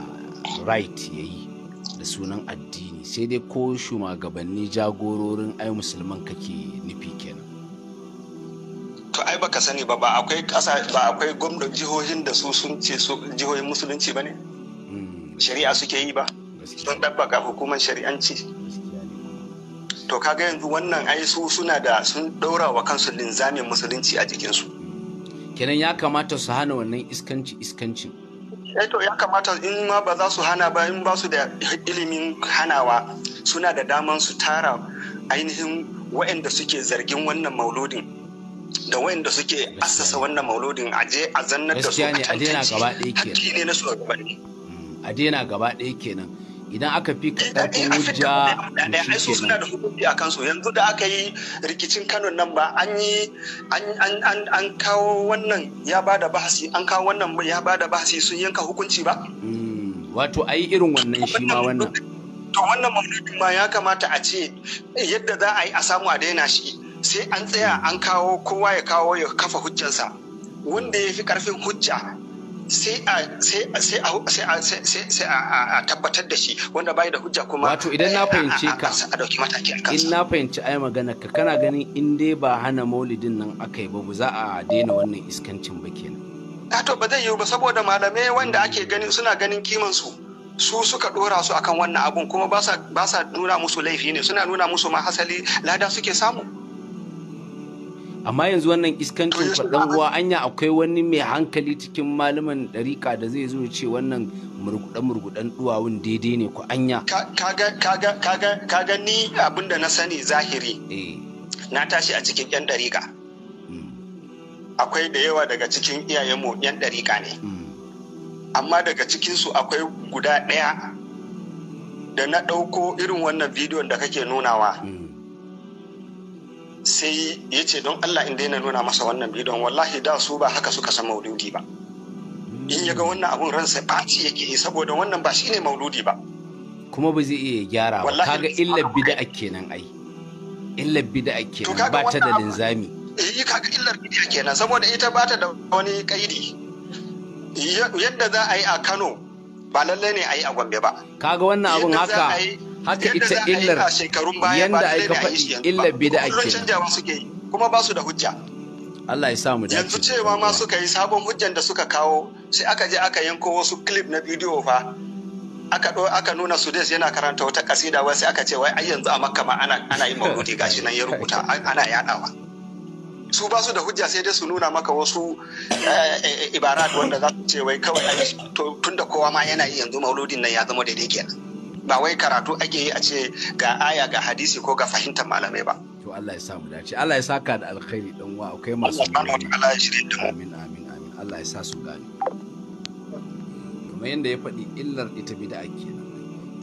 A: right ya yi da sunan addini sai dai ko shugabanni jagororin ai musulman kake nufi
B: to ai baka sani ba ba akwai ƙasa ba akwai gwamnan jihohin da su sun ce su jihohin musulunci ba ne hmm. shari'a suke yi ba sun ɗabbaka hukumar shari'anci to kaga yanzu wannan ai su suna da sun ɗaura wa kansu linzamin musulunci a jikinsu hmm.
A: kenan ya kamata su hana wannan iskanci iskancin
B: eh to ya kamata in ma ba za su hana ba in ba su da ilimin hanawa suna da daman su tara ainihin wa'anda suke zargin wannan mauludin da wayanda suke assasa wannan mauludin aje a zannar da su a tantance hakki ne na shugabanni
A: hmm, a daina gaba ɗaya kenan idan aka fi karfin hujja da shi suna da
B: hukunci a su. yanzu da aka yi rikicin kano nan ba an yi an kawo wannan ya ba da bahasi an kawo wannan ya bada bahasi sun yanka hukunci ba
A: hmm, wato ayi irin wannan shi ma wannan
B: to wannan mamludin ma ya kamata a ce yadda za a yi a samu a daina shi sai an tsaya an kawo kowa ya kawo ya kafa hujjansa wanda ya fi karfin hujja sai a tabbatar da shi wanda bai da hujja kuma wato idan na fahimce ka in na
A: fahimci ai magana ka kana ganin in dai ba hana maulidin nan aka yi ba za a daina wannan iskancin ba kenan
B: to ba zai yiwu ba saboda malamai wanda ake ganin suna ganin kimansu su suka dora su akan wannan abun kuma ba sa nuna musu laifi ne suna nuna musu ma hasali lada suke samu
A: amma yanzu wannan iskancin faɗan uwa anya akwai wani mai hankali cikin malaman ɗariƙa da zai zo ce wannan murguɗe-murguɗen duwawun daidai ne ku anya
B: ka ga ni abin da na sani zahiri eh. na tashi a cikin 'yan ɗariƙa hmm. akwai da yawa daga cikin iyayenmu 'yan ɗariƙa ne hmm. amma daga cikinsu akwai guda ɗaya da na ɗauko irin wannan bidiyon da kake nunawa. Hmm. sai ya ce don Allah in daina nuna masa wannan bidon wallahi da su ba haka suka san mauludi ba in ya ga wannan abun ransa ɓaci yake yi saboda wannan
A: ba shi ne mauludi ba kuma ba zai iya gyara ba kaga illar bid'a kenan ai illar bid'a kenan ba ta da linzami eh kaga illar bid'a kenan saboda ita
B: ba ta da wani kaidi yadda za a yi a Kano ba lallai
A: ne a yi a Gombe ba kaga wannan abun haka haka ita illar yanda ai ka faɗi illar bid'a ke
B: yi kuma ba su da hujja
A: Allah ya samu dace yanzu
B: cewa ma suka yi sabon hujjan da suka kawo sai aka je aka yanko wasu clip na bidiyo fa aka do aka nuna Sudes yana karanta wata kasida wai sai aka ce wai ai yanzu a Makka ma ana ana yin mauludi gashi nan ya rubuta ana yadawa su ba su da hujja sai dai su nuna maka wasu eh, eh, ibarat wanda za su ce wai kawai to tunda kowa ma yana yi yanzu mauludin nan ya zama daidai kenan ba wai karatu ake yi a ce ga aya ga hadisi ko ga fahimtar
A: malamai ba to Allah ya sa mu dace Allah ya saka da alkhairi dan wa akwai masu Allah ya shirye da mu amin amin amin Allah ya sa su gane kamar yanda ya faɗi illar ita bi da ake nan.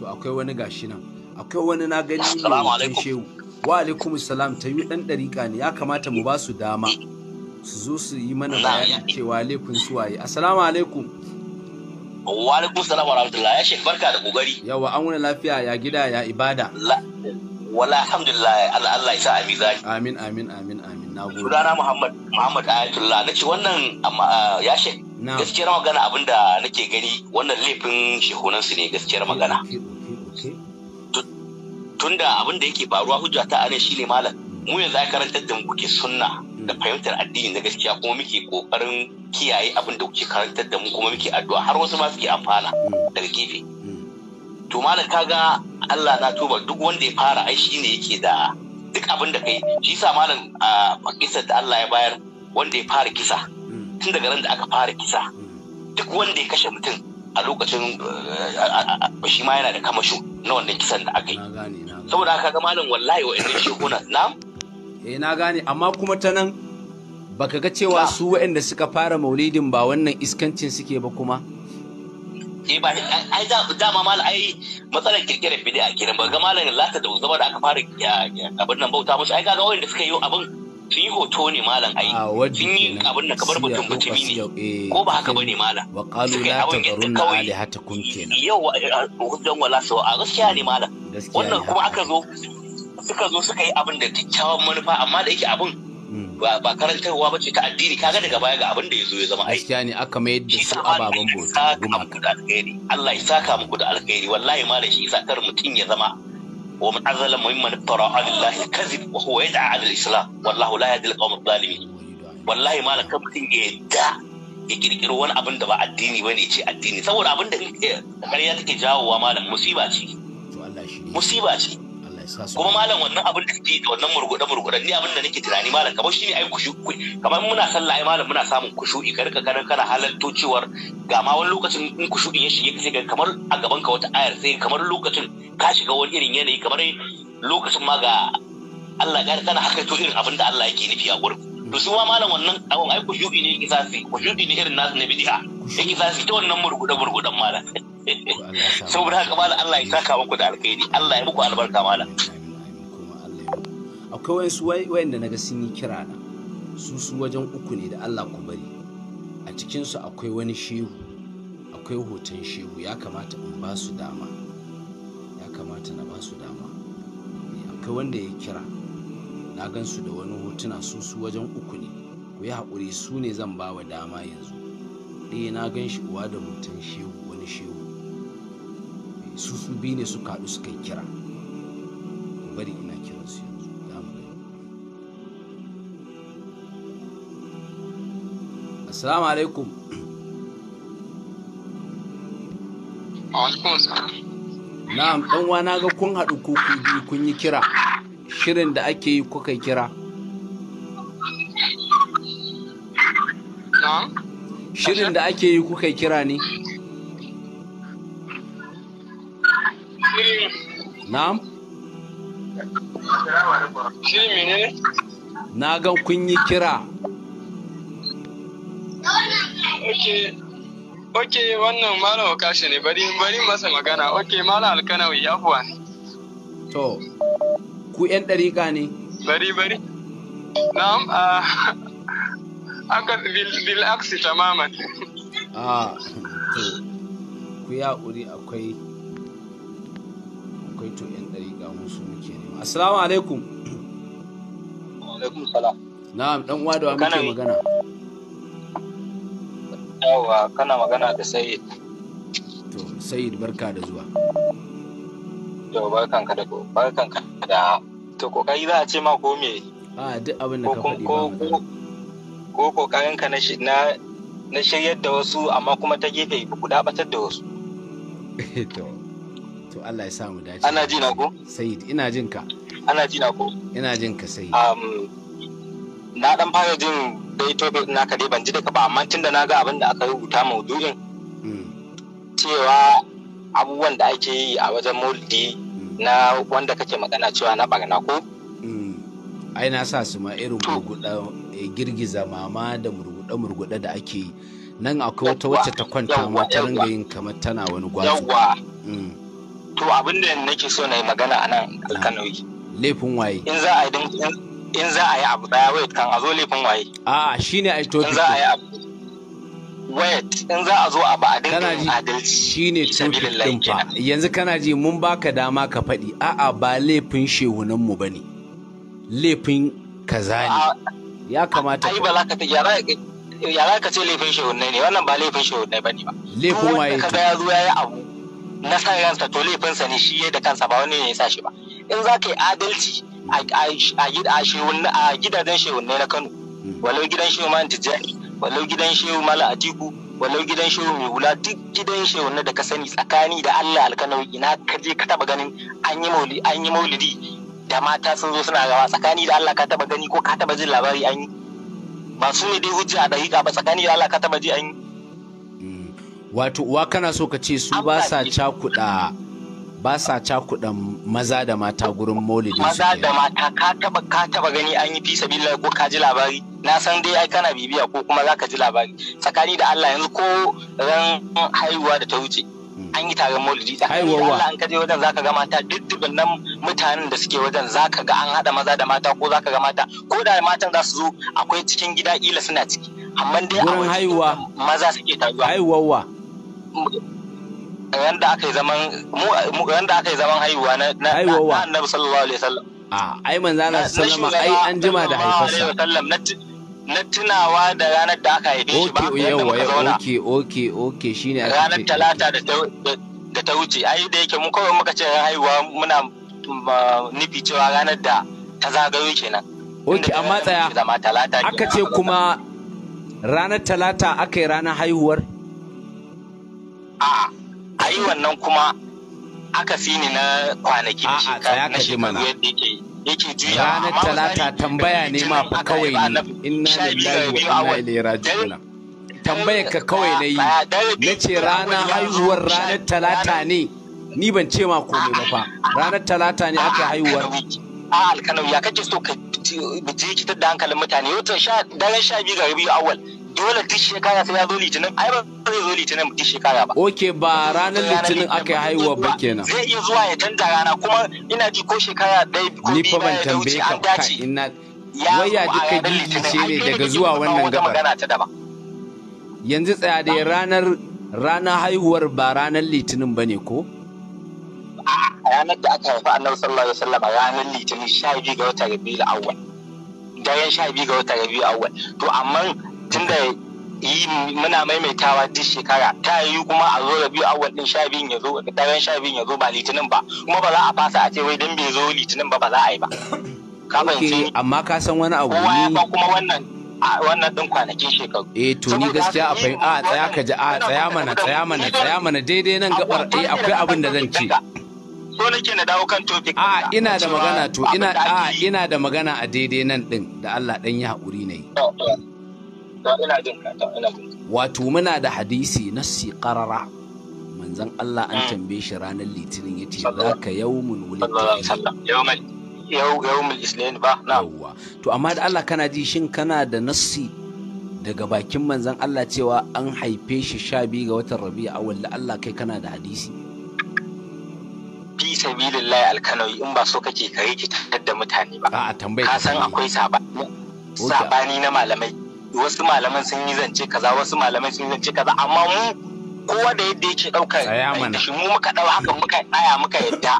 A: to akwai wani gashi nan akwai wani na gani ne shehu wa alaikum salam ta yi dan dariƙa ne ya kamata mu ba su dama su zo su yi mana bayani cewa alaikum suwaye. waye assalamu alaikum Wa alaikum salam wa rahmatullah. Ya shek barka da kokari. Yawa an wani lafiya ya gida ya ibada. Wala alhamdulillah Allah Allah ya sa a mizani. Amin amin amin amin. Na gode. Sunana Muhammad Muhammad Ayatullah nace wannan amma ah, ya shek gaskiyar magana abinda nake gani wannan laifin su
C: ne gaskiyar magana. Tunda abinda yake faruwa hujja ta anan shine malam mu yanzu a karantar da mu kuke sunna da fahimtar addini na gaskiya kuma muke
A: kokarin kiyaye abin da kuke karantar da mu kuma muke addu'a har wasu ma suke amfana daga gefe to malam kaga Allah na tuba duk wanda ya fara ai shine yake da duk abin da kai shi sa malam a kisa da Allah ya bayar wanda ya fara kisa tun daga ran da aka fara kisa duk wanda ya kashe mutum a lokacin shi ma yana da kamasho na wannan kisan da aka yi saboda haka ga malam wallahi wa'annan shekuna na eh na gane amma kuma ta nan baka ga cewa su waɗanda suka fara maulidin ba wannan iskancin suke ba kuma
C: eh ba ai dama mal ai matsalar kirkirar a kiran ba ga malam lata da uzaba da aka fara abin nan bauta musu ai kaga wanda suka yi abin sun yi hoto ne malam ai ah, sun yi abin nan
A: kabar mutum mutumi ne eh, ko ba haka bane malam wa qalu la tadrunna alihatakum kenan
C: yau eh, eh, dan wala sawa a gaskiya ne malam wannan kuma aka zo suka zo suka
A: yi abin da kyakkyawan manufa amma da yake abin hmm. ba karantarwa ba ce ta addini kaga daga baya ga abin da ya zo ya zama aiki. Gaskiya ne aka mayar da su ababen bauta gumaka. Allah ya saka muku da alkhairi wallahi ma da shi isa kar mutum ya zama wa man azala mimman tara alillahi
C: kadhib wa huwa yad'a ala al-islam wallahu la yahdi al adh-dhalimin. Wallahi ma kan mutum ya yadda ya kirkiro wani abin da ba addini bane ce addini saboda abin da ƙarya take jawowa malam musiba ce. Musiba ce. kuma malam wannan abin
B: da kake wannan murgude murgude ni abin da nake tunani malam kamar shine ai kushu kamar muna sallah ai malam muna
A: samun kushu'i ka rika kana kana halatto cewar ga ma wani lokacin in kushu'i ya shige sai ga kamar a gaban ka wata ayar sai kamar lokacin ka shiga wani irin yanayi kamar lokacin ma ga Allah gari kana haka to irin abin da Allah yake nufi a gurin to su ma malam wannan abun ai ku shuɗi ne kisasi ku shuɗi ne irin nasu na bid'a ya kisasi ta wannan murguɗe murguɗen malam saboda haka malam Allah ya saka muku da alkhairi Allah ya muku albarka malam akwai wayansu wayanda naga sun yi kira na su su wajen uku ne da Allah ku bari a cikinsu akwai wani shehu akwai hoton shehu ya kamata in ba su dama ya kamata na ba su dama akwai wanda ya kira na gansu da wani hotuna su su wajen uku ne ku yi haƙuri su ne zan ba wa dama yanzu ɗaya eh, na gan shi uwa da mutum shehu wani shehu eh, su su biyu ne suka haɗu suka kira bari ina kiran su yanzu da mu assalamu alaikum na'am ɗan na ga kun haɗu ko kun yi kira shirin da ake yi kuka kira shirin da ake yi kuka kira ne na'am na gan kun yi kira
D: ok wannan malam okashi ne bari masa magana ok malam alkanawi yafuwa
A: to ku 'yan ɗariƙa ne
D: bari bari na'am aka ah, bil aksi tamaman
A: a ah, to ku ya uri akwai akwai to 'yan ɗariƙa musu muke ne. assalamu alaikum alaikum salam na'am ɗan uwa da muke magana
D: yawa kana magana da sayid
A: to sayid barka da zuwa
D: yau ka da ka da to kokari za a ce ma ko me
A: a duk abin da ka faɗi ba
D: ko kokarin ka na na shiryar da wasu amma kuma ta gefe da batar da wasu
A: to to Allah ya sa mu dace ana ji na ko Sayyid ina jin ka ana ji na ko ina jin ka Sayyid um na dan fara jin dai topic na dai ban
B: ji daga ba amma tunda na ga abin da aka rubuta maudu'in hmm. cewa
D: abubuwan da ake yi a wajen Moldi mm. na wanda kake magana cewa na barna ko?
A: Mm. ai na sa su ma irin murguda eh, girgiza mama da murguda murguda da ake yi nan akwai wata wacce ta kwanta ma ta ringa yin kamar tana wani gwazo. Mm.
D: to abin da nake so na yi magana a nan alkanoyi
A: laifin waye in za a yi a abu daya wai kan a zo laifin waye a'a shine ai to in za a yi abu wet in za a zo a ba a dinga adalci ne tutun fa yanzu kana ji mun baka dama ka faɗi a'a ba laifin shehunan mu bane laifin kaza ne ya kamata ai ba za ka yara za ka ce laifin shehunan ne wannan ba laifin shehunan bane ba laifin waye ka ga ya zo yayi abu na san ransa to laifinsa ne shi da kansa ba wani ne ya sa shi ba in za ka yi adalci
B: a gidajen shehunan na Kano hmm. walau gidan shehunan Tijjani walau gidan shehu mala atiku walau gidan shehu mai hula duk gidan shehu na da ka sani tsakani da allah alkanawi ina ka je ka taba ganin an yi mauli, an yi maulidi da mata sun zo
D: suna gaba tsakani da allah ka taba gani ko ka taba jin labari an yi ba su ne dai hujja a dariƙa ba tsakani da allah ka taba ji an yi
A: hmm. wato uwa kana so ka ce su ba sa cakuɗa ba sa cakudan maza da mata gurin maulidi maza da mata
B: ka taba ka taba gani an yi fisa billahi ko ka ji labari na san dai ai kana bibiya ko kuma zaka
D: ji labari tsakani da Allah yanzu ko ran haihuwa da ta wuce hmm. an yi taron
B: maulidi tsakani da Allah an kaje wajen zaka ga mata duk nan mutanen da suke wajen zaka ga an hada maza da mata ko zaka ga mata ko da matan za su zo akwai cikin gida ila suna ciki amma
A: dai a wajen haihuwa maza suke taruwa haihuwa
B: wanda aka
D: yi zaman mu yanda aka yi zaman haihuwa na na Annabi sallallahu alaihi wasallam
A: a ai manzo Allah sallama ai an jima da haifarsa na tunawa da ranar da aka haife shi ba yawa yawa okay okay okay shine ranar talata da
D: da ta wuce ai da yake mun kawai muka ce ran haihuwa muna nufi cewa ranar da
A: ta zagayo kenan okay amma tsaya aka ce kuma ranar talata aka yi ranar haihuwar a'a A yi wannan kuma aka fi ne na kwanaki na shekara na shekaru yadda yake yake juya ranar talata tambaya ne ma fa kawai ne inna lillahi wa inna ilaihi raji'un tambayar ka kawai na yi na ce rana haihuwar ranar talata ne ni ban ce ma komai ba fa ranar talata ne aka haihuwar
C: a alkanau
B: ya kace so ka jikitar da hankalin mutane yau ta sha daren sha biyu ga rabiu awal dole
A: duk shekara sai ya zo litinin ai ba zai zo litinin duk shekara ba oke ba ranar litinin aka haihuwa ba kenan zai
D: iya zuwa ya canza rana kuma ina ji ko shekara ɗaya
A: ko biyu ba ya wuce an dace waya duka ce ne daga zuwa wannan gabar yanzu tsaya da ranar ranar haihuwar ba ranar litinin ba ne ko ranar da aka haifi annabi sallallahu alaihi wasallam a ranar litinin 12 biyu ga wata rabiul awwal daren sha biyu ga wata rabiul awwal to amma tunda yi muna maimaitawa duk shekara ta yi kuma a zo biyu awal din sha biyun ya zo
D: daren sha biyun ya zo ba litinin ba kuma ba za a fasa a ce wai dan bai zo litinin ba ba za a yi ba
A: ka fahimce amma ka san wani abu ne kuma wannan wannan din kwanakin shekaru. Eh to ni gaskiya a fahim a tsaya ka ji a tsaya mana tsaya mana tsaya mana daidai nan gabar eh akwai abin da zan ce. So nake na dawo kan topic. A ina da magana to ina a ina da magana a daidai nan din da Allah dan yi haƙuri ne. wato muna da hadisi na siƙarara. manzan Allah an hmm. tambaye shi ranar litinin ya ce za ka yawmun wulid ba yawwa to amma da Allah kana ji shin kana da nassi daga bakin Manzan Allah cewa an haife shi sha biyu ga watan rabi'a awal da Allah kai kana da hadisi
D: fi lai alkanawi in ba so kake kare ki tattar da mutane ba
A: a ka san akwai sabani
D: na malamai wasu malaman sun yi zance kaza wasu malaman sun yi zance kaza amma mu kowa da yadda yake ɗaukar da shi mu muka dau haka muka tsaya muka
A: yadda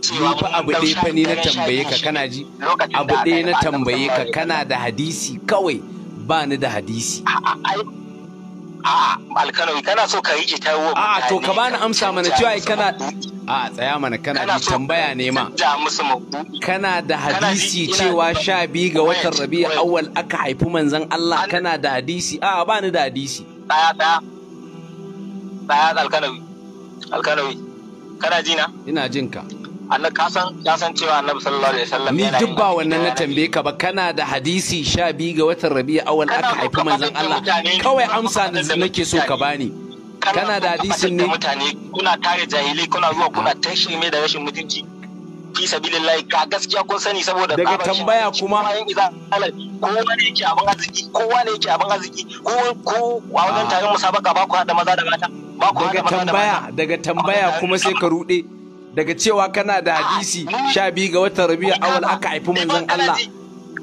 A: cewa fa abu ɗaya fa ni na tambaye ka kana ji abu ɗaya na tambaye ka kana da hadisi kawai ba ni da hadisi
C: A'a alkanawi kana so ka yi ita wa A'a to ka bani
A: amsa mana cewa kana a tsaya mana kana da tambaya ne ma kana da hadisi cewa sha biyu ga watan rabi'a awwal aka haifi manzon Allah kana da hadisi a bani da hadisi tsaya tsaya tsaya alkanawi alkanawi kana jina ina jinka ka san ka san cewa annabi sallallahu alaihi wasallam ni duk ba wannan na tambaye ka ba kana da hadisi sha biyu ga watan rabi'a awal aka haifi manzon Allah kawai amsa nake so ka bani kana da hadisin ne mutane kuna tare jahili kuna zuwa kuna tashi me da rashin mutunci fi sabilillah ka gaskiya kun sani saboda
B: daga tambaya kuma ko wani yake abin arziki ko wani yake abin arziki ko ko a wannan taron musabaka ba ku hada maza da mata
A: ba ku hada maza da mata daga tambaya daga tambaya kuma sai ka rude daga cewa kana da hadisi sha biyu ga watan rabi'a awal aka haifi manzon Allah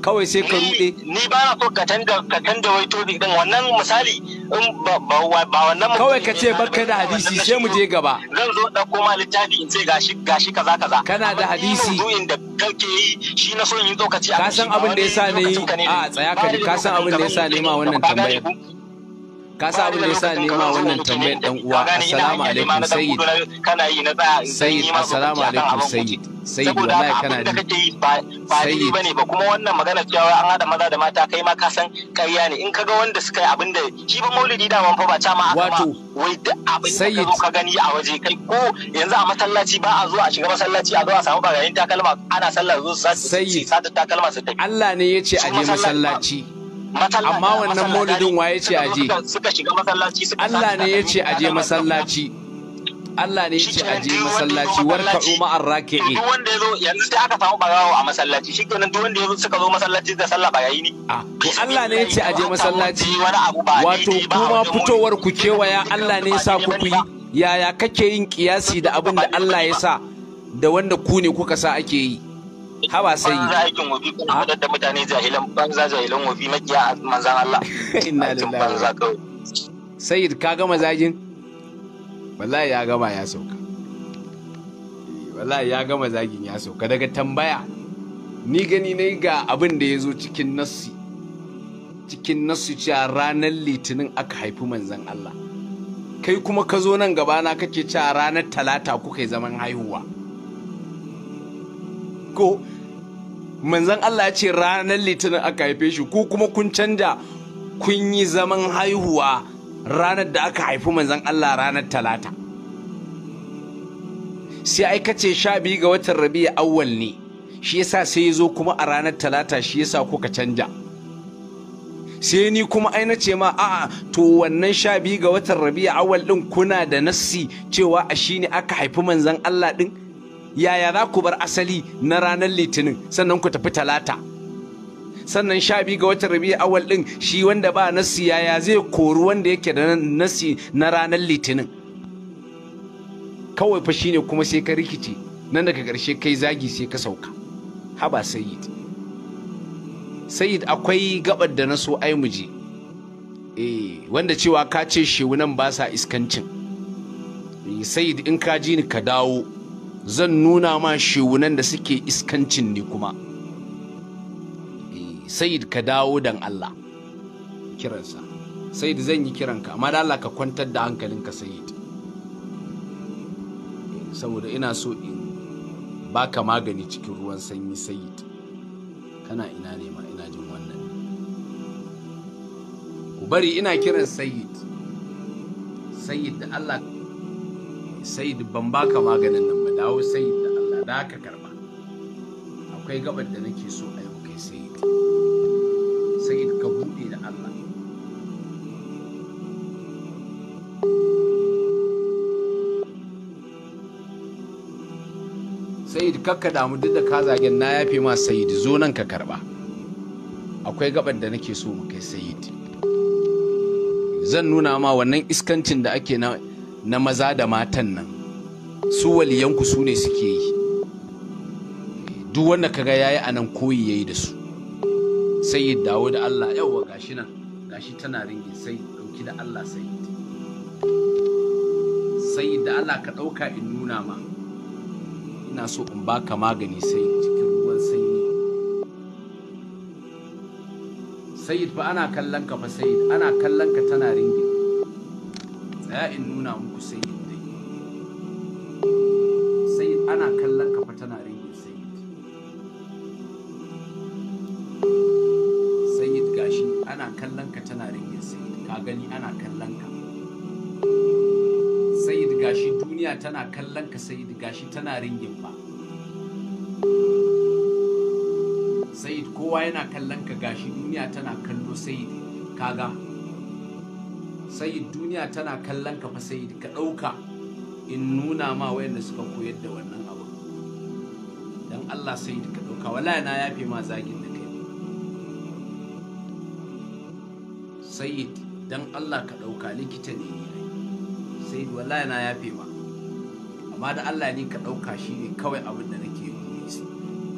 A: kawai sai ka rude ni ba na so ka canza ka tanga wai to din wannan misali in ba wannan kawai ka ce barka da hadisi sai mu je gaba zan zo dauko ma littafi in ce gashi gashi kaza kaza kana da hadisi duyin da kake yi shi na so in yi tsokaci ka san abin da yasa ne a tsaya ka ka san abin da yasa ne ma wannan tambayar ka sa abin da yasa nema wannan tambayar dan uwa assalamu alaikum sayyid kana yi na sayyid assalamu alaikum sayyid sayyid wallahi kana da kake yi ba daidai bane ba kuma wannan magana cewa an hada maza da mata kai ma ka san ƙarya ne in kaga wanda suka yi abin
B: da shi ba maulidi da man fa ba ta ma aka ma wai duk abin da ka zo ka gani a waje kai ko
A: yanzu a masallaci ba a zo a shiga masallaci a zo a samu bagayen takalma ana sallar zo su sata takalma su tafi Allah ne yace a je masallaci amma wannan maulidin waye ce aje Allah ne ya ce aje masallaci Allah ne ya ce aje masallaci warka'u ma'ar raki'i duk wanda yazo e. yanzu sai aka samu barawo a masallaci shikenan duk wanda yazo suka zo masallaci da sallah ba yayi ni to Allah ne ya ce aje masallaci wato kuma fitowar ku kewaya Allah ne ya sa ku yi yaya kake yin kiyasi da abin da Allah ya sa da wanda ku ne kuka sa ake yi hawa sai yi aikin wabi kuma da mutane jahilan banza jahilan wabi makiya manzan Allah inna lillahi banza kawai sayyid ka gama zagin wallahi ya gama ya sauka eh, wallahi ya gama zagin ya sauka daga tambaya ni gani ne ga abin da ya zo cikin nassi cikin nassi cewa ranar litinin aka haifi manzan Allah kai kuma ka zo nan gabana kake cewa ranar talata kuka yi zaman haihuwa farko manzan Allah ya ce ranar litinin aka haife shi ko kuma kun canja kun yi zaman haihuwa ranar da aka haifi manzan Allah ranar talata sai aika ce sha biyu ga watan rabi'a awwal ne shi yasa sai ya zo kuma a ranar talata shi yasa kuka canja sai ni kuma ai ce ma a'a to wannan sha biyu ga watan rabi'a awal din kuna da nassi cewa a shine aka haifi manzan Allah ɗin. yaya za ku bar asali na ranar litinin sannan ku tafi talata sannan sha biyu ga watan rabi awal din shi wanda ba nasi yaya zai kori wanda yake da nasi na ranar litinin kawai fa shine kuma sai ka rikice nan daga ƙarshe kai zagi sai ka sauka haba sayyid sayyid akwai gabar da na so ai je. eh wanda cewa ka ce shewu nan ba sa iskancin eh, sayyid in ka ji ni ka dawo zan nuna ma shewunan da suke iskancin ne kuma eh, sayid ka dawo dan Allah kiransa sayid zan yi kiranka amma da Allah ka kwantar da hankalinka sayid eh, saboda ina so in baka magani cikin ruwan sanyi sayid kana ina ne ma ina jin wannan ku bari ina kiran sayid sayid da Allah sayid ban baka maganin nan lawo sayid da Allah da ka karba akwai gabar da nake so a yau kai sayid sayid ka buɗe da Allah sayid kakka damu duk da ka zagen na yafe ma sayid zo nan ka karba akwai gabar da nake so mu kai sayid zan nuna ma wannan iskancin da ake na maza da matan nan su waliyanku su ne suke yi duk wanda kaga yi anan koyi ya yi da su sai yi dawo da Allah yawa gashi nan gashi tana ringe sai dauki da Allah sai sai da Allah ka dauka in nuna ma ina so in baka magani sai cikin ruwan sanyi sayyid fa ana kallon ka fa sayyid ana kallon ka tana ringe tsaya in nuna muku sai tana ringin sayid sayid gashi ana kallon ka tana ringin sayid ka gani ana kallon ka sayid gashi duniya tana kallon ka sayid gashi tana ringin ba sayid kowa yana kallon ka gashi duniya tana kallo ka ga sayid duniya tana kallon ka fa sayid ka ɗauka in nuna ma wayanda suka koyar da wannan Allah sai ka ɗauka wallahi na yafe ma zagin da kai sayyid dan Allah ka ɗauka likita ne sai wallahi na yafe ma amma da Allah ne ka ɗauka shi ne kawai abin da nake yi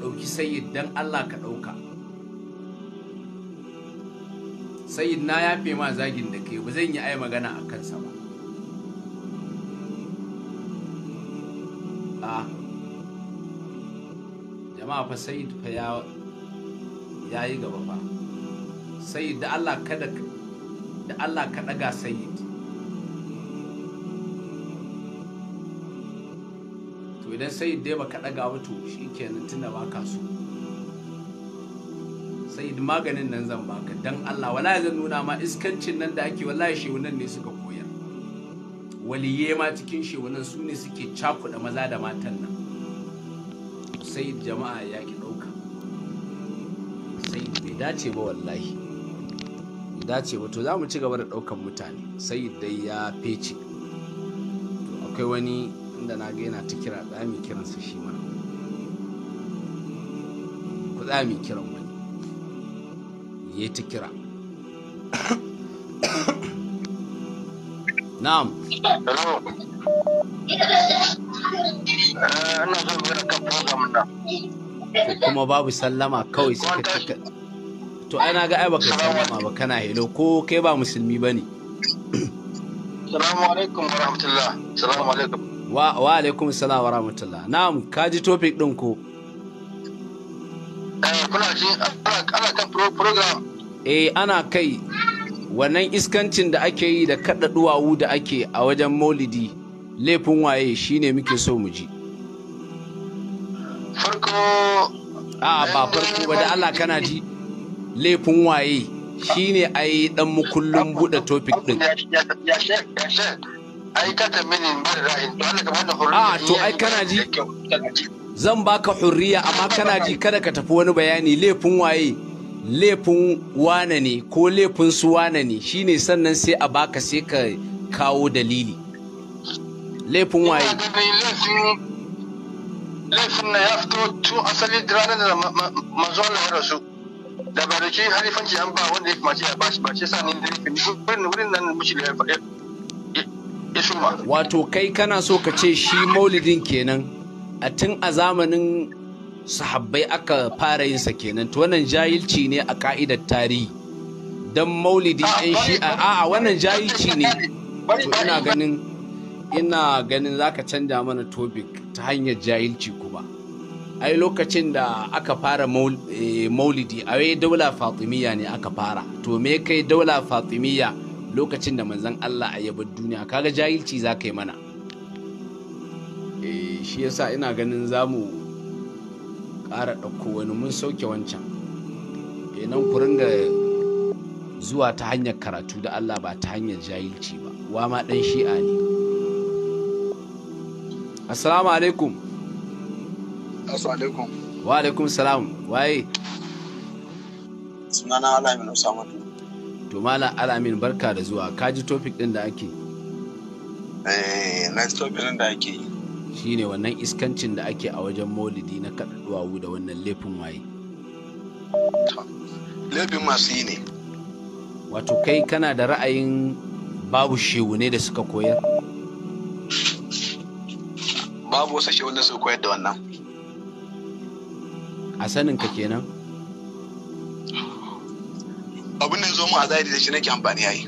A: ɗauki sayyid dan Allah ka ɗauka sayyid na yafe ma zagin da kai ba zan yi ai magana a kansa ba amma fa sai fa ya yi gaba fa sai da Allah kada da Allah ka daga sayyid to idan sayyid dai baka daga ba to shikenan tunda ba ka so sayyid maganin nan zan baka dan Allah wallahi zan nuna ma iskancin nan da ake wallahi shewunan ne suka koyar waliye ma cikin shewunan su ne suke cakuɗa maza da matan nan sai jama'a ya ki ɗauka sai bai dace ba wallahi bai dace ba to za mu ci gaba da ɗaukan mutane sai dai ya fece to akwai wani inda na ga yana ta kira kiran kiransa shi ma ku tsami kiran wani ya ta kira na'am Eh, ina kuma babu sallama kawai suka To ai ga ai baka sallama ba kana hello ko kai ba musulmi ba ne. alaikum wa rahmatullah. alaikum. Wa wa alaikum wa rahmatullah. din ko. Eh, kuna ana Eh ana kai wannan iskancin da ake yi da kaɗa duwawu da ake a wajen maulidi laifin waye shine muke so mu ji farko a ba farko ba da Allah kana ji laifin waye shine yi dan mukullin buɗe topic ɗin to ka a to ai kana ji zan baka hurriya amma kana ji kada ka tafi wani bayani laifin waye laifin wane ne ko laifin su wane ne shine sannan sai a baka sai ka kawo dalili laifin waye
C: laifin na ya fito tun asali ranar da manzo
D: Allah
B: ya rasu da ba da ke halifanci an ba wanda ya kamace ya bashi ba ce sa ni laifin wurin
A: wurin nan mushi da ya shuma wato kai kana so ka ce shi maulidin kenan a tun a zamanin sahabbai aka fara yin sa kenan to wannan jahilci ne a ka'idar tarihi dan maulidin yan shi'a a wannan jahilci ne to ina ganin ina ganin zaka canja mana topic ta hanyar jahilci kuma ai lokacin da aka fara eh, maulidi a wai daula fatimiyya ne aka fara to me kai daula fatimiyya lokacin da manzan Allah a yabar duniya kaga jahilci za ka yi mana eh, shi yasa ina ganin za mu ƙara ɗauko wani mun sauke wancan eh, nan ku ringa zuwa ta hanyar karatu da Allah ba ta hanyar jahilci ba wa ma ɗan shi'a ne assalamu alaikum assalamu alaikum wa alaikum salam waye sunana alamin usamatu to malam alamin barka da zuwa kaji topic din da ake eh next topic din da ake shine wannan iskancin da ake a wajen maulidi na kaɗaɗuwawu da wannan laifin waye
C: laifin masu yi ne
A: wato kai kana da ra'ayin babu shewune ne da suka koyar
C: babu wasu shi wanda su koyar da wannan
A: a sanin ka kenan
C: abin da zo mu a zahiri da shi nake amfani yayi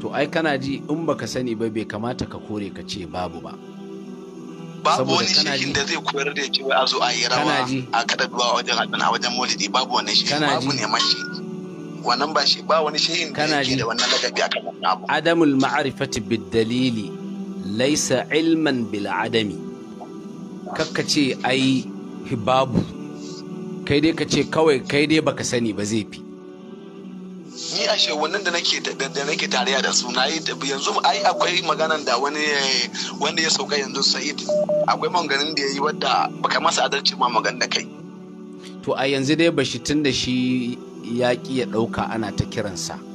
A: to ai kana ji in baka sani ba bai kamata ka kore ka ce babu ba
C: babu wani shekin da zai koyar da cewa a zo a yi rawa a kada duwa wajen hadin
A: a wajen molidi babu wani shekin babu neman shi wannan ba shi ba wani shekin da yake da wannan lagabi a wannan abu adamul ma'rifati bid dalili laisa ilman bila adami kakka ce ai hibabu kai dai ka ce kawai kai dai baka sani ba zai fi
C: ni a wannan da nake da nake tarayya da su na yi yanzu ai akwai maganan da wani wanda ya sauka yanzu sa'id akwai manganin da ya yi wadda baka masa adalci ma magan da kai
A: to a yanzu dai bashi tun da shi ya ya ɗauka ana ta kiransa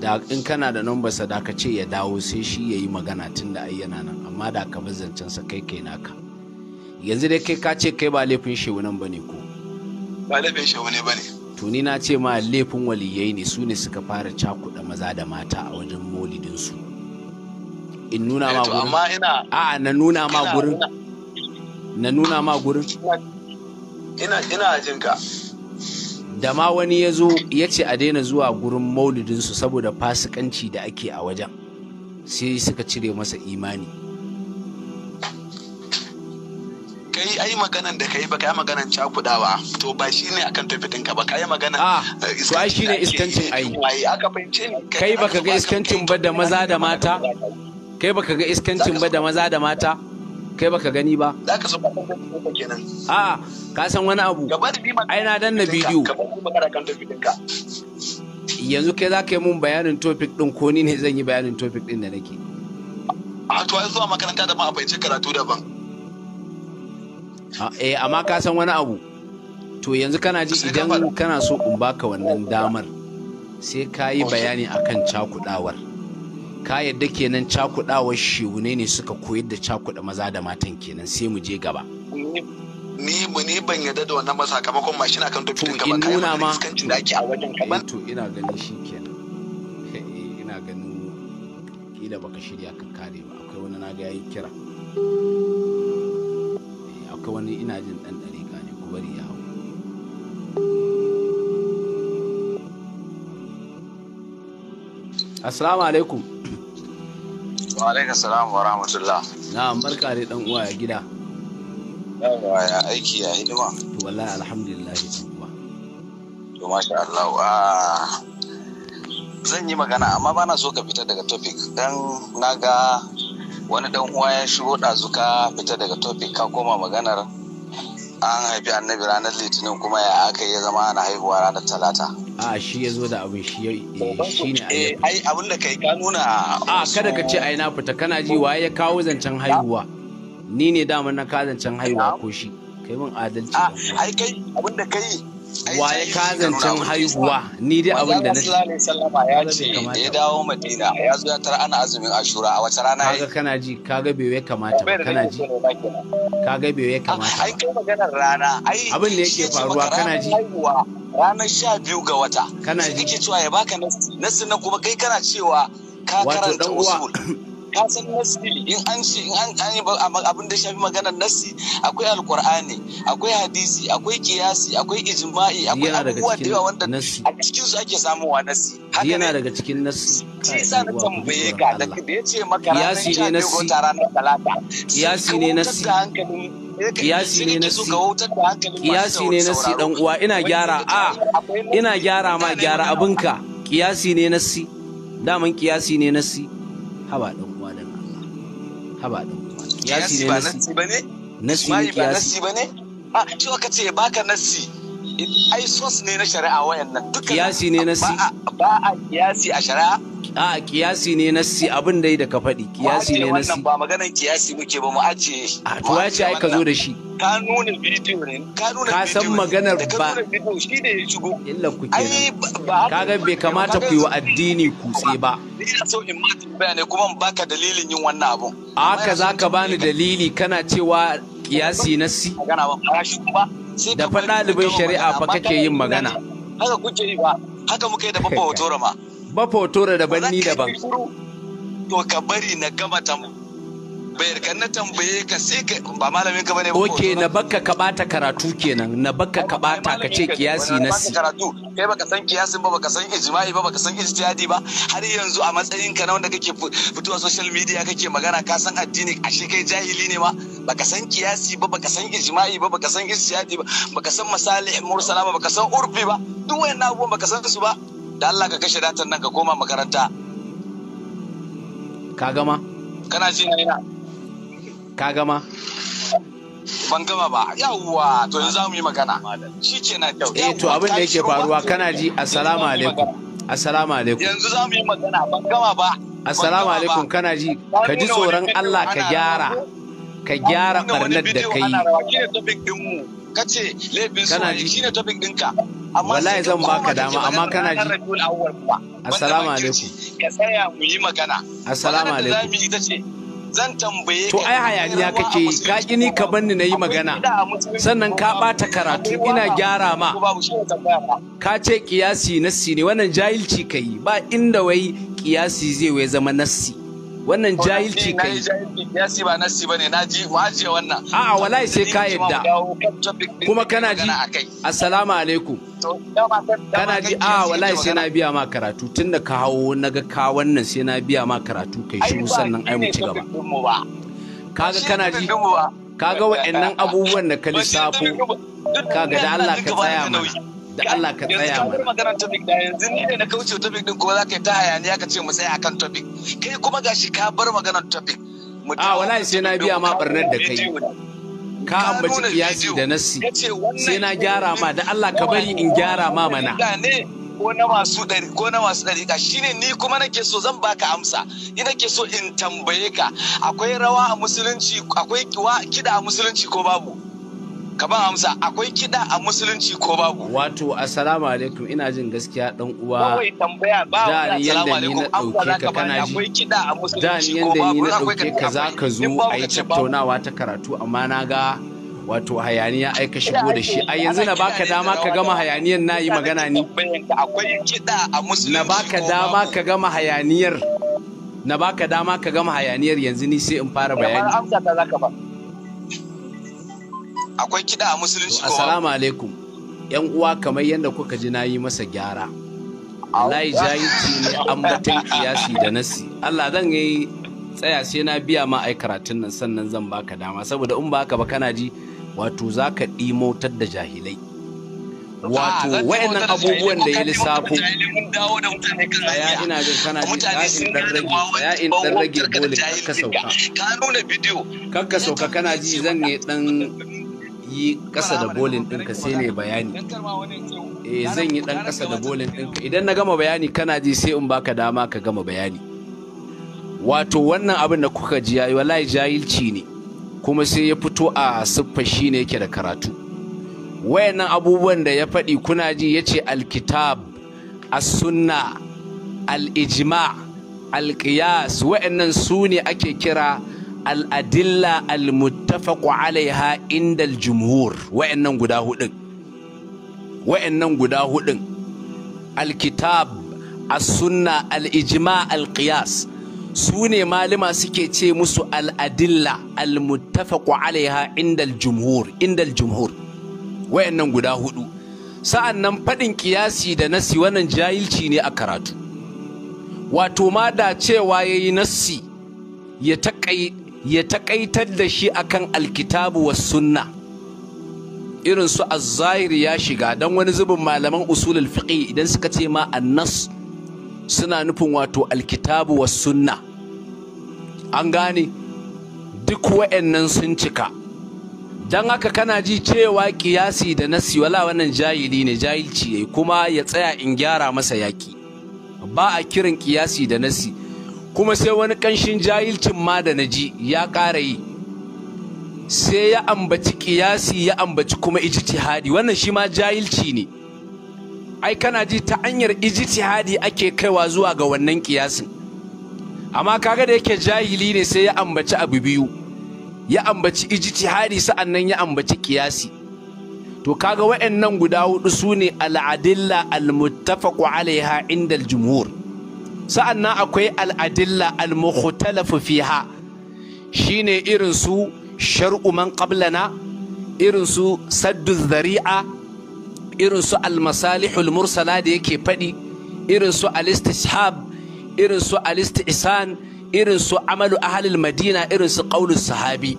A: da in kana da numbarsa da ka ce ya dawo sai shi ya yi magana tun da ayyana nan amma da ka sa kai kai naka yanzu dai kai ka ce kai ba laifin shehu nan bane ko
C: ba laifin shehu ne bane
A: to ni na ce ma laifin waliyai ne su ne suka fara cakuɗa maza da mata a wajen molidin su in nuna ma eh, gurin a'a na nuna ma gurin na nuna ma gurin ina ina jinka da ma wani ya zo ya ce a daina zuwa gurin maulidinsu saboda fasikanci da ake a wajen sai suka cire masa imani
C: kai ai maganan da kai ba kai maganan cakudawa to
A: ba shi ne akan tafitin ka ba kai maganan ah, eh, to ai shi ne iskancin ai kai baka ga iskancin ba da maza da mata kai baka ga iskancin ba da maza da mata kai baka gani ba za ka saka kenan a ka san wani abu ai na danna bidiyo yanzu kai za ka yi mun bayanin topic din ko ni ne zan yi bayanin topic din da nake
C: a to ai zuwa makaranta da ma a fahimci karatu daban
A: eh amma ka san wani abu to yanzu kana ji idan kana so in baka wannan damar sai ka yi bayani akan cakudawar ka yadda kenan cakuɗawar shehune ne suka koyar da cakuda maza da matan kenan sai mu je gaba
C: ni mu ni ban yadda da wannan sakamakon mashin akan to fitin gaban kai nuna ma
A: da a wajen kaman to ina ganin shi kenan ina ganin kila baka shirya ka kare ba akwai wani na ga yayi kira eh, akwai wani ina jin dan dare ne ko bari ya hawo assalamu alaikum wa alaikum salam wa rahmatullah na'am barka da dan uwa ya gida yawa ya aiki ya hidima to wallahi alhamdulillah to masha Allah zan yi
D: magana amma bana so ka fita daga topic dan naga wani dan uwa ya shigo
A: dazuka fita daga topic ka koma maganar an haifi annabi ranar litinin kuma ya aka yi zama ana haihuwa ranar talata a shi ya zo da abin shi eh, ne ai abin da kai ka nuna a kada ka ce ai na fita kana ji waye ya kawo zancen haihuwa ni ne daman na ka zancen haihuwa ko shi kai min adalci ai kai abin da kai wa ya kazancen haihuwa ni dai abin da na shi ya ce ya dawo madina ya zo ya tara ana azumin ashura a wata rana kaga kana ji kaga bai wai kamata kana ji kaga bai wai ah, kamata
C: ai kai maganar rana ai
A: abin da yake faruwa kana ji
C: ranar sha biyu ga wata kana ji kake cewa ya baka nasi nasi na kuma kai kana cewa ka karanta usul ka san nasi in an shi in an an
A: abin da shafi maganar nasi akwai alqur'ani akwai hadisi akwai kiyasi akwai ijma'i akwai abubuwa da yawa wanda a cikin su ake samuwa nasi yana daga cikin nasi shi sa na tambaye ka da ya ce maka ranar sha ko tara na talata kiyasi ne nasi
C: kiyasi ne na kiyasi ne si dan uwa ina gyara a ina
A: gyara ma gyara abinka kiyasi ne na si. daman kiyasi ne nasi haba haba ɗin kuma kiyasi ne nasi ba ne nasi ne kiyasi ba
C: ne a ah, to aka ce baka nasi ai sos ne na shari'a wayannan dukkan kiyasi ne nasi ba a kiyasi a shari'a
A: a kiyasi ne na si abin dai da ka faɗi kiyasi ne na si
C: ba maganan kiyasi muke ba mu aje shi a to ya ce ai ka zo da shi ka nuna bidiyo ne ka nuna bidiyo ka san maganar ba
A: shi ne ya shigo illa ku ke ka ga bai kamata ku yi wa addini kutse ba ina so in ma tambaya ne kuma baka dalilin yin wannan abun haka za ka bani dalili kana cewa kiyasi na si da fa ɗaliban shari'a fa kake yin magana haka kuke yi ba haka muka yi da babba hoto rama da daban ni daban
C: to ka bari na gama tambayar kan na tambaye
A: ka sai ka ba malamin ka bane oke na bakka ka bata karatu kenan na bakka ka bata ka ce kiyasi na si karatu kai baka san kiyasin ba baka san ijma'i ba baka san ijtihadi ba
C: har yanzu a matsayin ka na wanda kake fitowa social media kake magana ka san addini ashe kai jahili ne ma baka san kiyasi ba baka san ijma'i ba baka san ijtihadi ba baka san masalih mursala ba baka san urfi ba duk wayannan abubuwan baka san su ba da Allah ka kashe datan nan ka koma makaranta ka gama kana ji na yana.
A: ka gama ban gama ba yawwa to yanzu mu yi magana na kyau eh to abin da yake faruwa kana ji assalamu alaikum assalamu alaikum yanzu zamu yi
C: magana ban gama ba assalamu alaikum kana
A: ji ka ji tsoron Allah ka gyara ka gyara barnar da kai
C: ka ce laifin su ne ne topic ɗinka wallahi zan baka dama amma kana ji
A: assalamu alaikum
C: ka tsaya mu yi magana
A: assalamu alaikum ce zan tambaye to ai hayaniya kake yi ka kini ka banni na yi magana sannan ka bata karatu ina gyara ma ka ce kiyasi nassi ne wannan jahilci kai ba inda wai kiyasi zai wai zama nassi wannan jahilci kai
C: ya si ba nasi bane na ji waje wannan a a'a wallahi sai ka yadda kuma kana ji
A: assalamu alaikum kana ji a wallahi sai na biya ma karatu Tunda ka hawo naga ka wannan sai na biya ma karatu kai shi sannan ai mu ci gaba kaga kana ji kaga wa'annan abubuwan da ka lissafo kaga da Allah ka tsaya mana da Allah ka tsaya mana.
C: Yanzu magana topic da yanzu ni ne na kauce topic din ko za ka yi ta hayaniya
A: ka ce mu tsaya akan topic. Kai kuma gashi ka bar maganar topic. A ah, wallahi sai na biya ma barnar da kai. Ka ambaci kiyasi da nassi sai na gyara ma da Allah ka bari in gyara ma mana.
C: ko na masu ɗari ko na masu ɗari ka shine ni kuma nake so zan baka amsa ni nake so in tambaye ka akwai rawa a musulunci
A: akwai kiwa kida a musulunci ko babu ka ba amsa akwai kiɗa a musulunci ko babu wato assalamu alaikum ina jin gaskiya dan uwa kawai tambaya ba assalamu alaikum amsa ka kana ji akwai
C: kiɗa a musulunci ko babu da ni na dauke ka za ka zo a
A: yi tattaunawa ta karatu amma na ga wato hayaniya ai ka shigo da shi ai yanzu na baka dama ka gama hayaniyan na yi magana ni akwai kiɗa a musulunci na baka dama ka gama hayaniyar na baka dama ka gama hayaniyar yanzu ni sai in fara bayani
C: amsa ta zaka
A: ba akwai kiɗa a musulunci assalamu alaikum yan uwa kamar yadda kuka ji na yi masa gyara Allah yi ci ne an batun kiyasi da nasi Allah zan yi tsaya sai na biya ma ai karatun nan sannan zan baka dama saboda in baka ba kana ji wato zaka ɗimotar da jahilai wato wayannan abubuwan da ya lissafo
C: ya ina da
A: kana ji ya in rage ya in dan rage dole ka sauka ka nuna bidiyo ka sauka kana ji zan yi dan yi ƙasa da bolin ɗinka sai ne bayani eh zan yi ɗan kasa da bolin ɗinka idan na gama bayani kana ji sai in baka dama ka gama bayani wato wannan abin da kuka ji yayi wallahi jahilci ne kuma sai ya fito a siffa shi ne yake da karatu wayannan abubuwan da ya faɗi kuna ji ya ce alkitab as-sunna al-ijma' al-qiyas wayannan su ne ake kira al'adilla al-muttafaqu alaiha indal jumhur wa'annan guda hudun wa'annan guda hudun al-kitab as-sunna al-ijma al-qiyas su ne malima suke ce musu aladilla adilla al-muttafaqu alaiha indal jumhur indal jumhur wa'annan guda hudu sa'an nan faɗin kiyasi da nasi wannan jahilci ne a karatu wato ma da cewa ya yi nasi ya taƙai ya takaitar da shi akan alkitabu wa sunna irin su azzahir ya shiga dan wani zubin malaman usulul fiqh idan suka ce ma annas suna nufin wato alkitabu wa sunna an gane duk wa'annan sun cika dan haka kana ji cewa kiyasi da nasi wala wannan jahili ne jahilci kuma ya tsaya in gyara masa yaki ba a kiran kiyasi da nasi kuma sai wani ƙanshin jahilcin ma da na ji ya ƙara yi sai ya ambaci ƙiyasi ya ambaci kuma ijtihadi wannan shi ma jahilci ne ai kana ji ta hanyar ijtihadi ake kaiwa zuwa ga wannan ƙiyasin amma kaga da yake jahili ne sai ya ambaci abu biyu ya ambaci ijtihadi sa'annan ya ambaci ƙiyasi to kaga wa'annan guda hudu su ne al'adilla al-muttafaqu alaiha inda jumhur Sa'an sa'annan akwai al'adilla al-mukhtalafu fiha shine irin su shar'u man qablana irin zari'a irin su al-masalihul mursala da yake faɗi irin su al-istishab irin su al-istisan irin su amalu madina irin su sahabi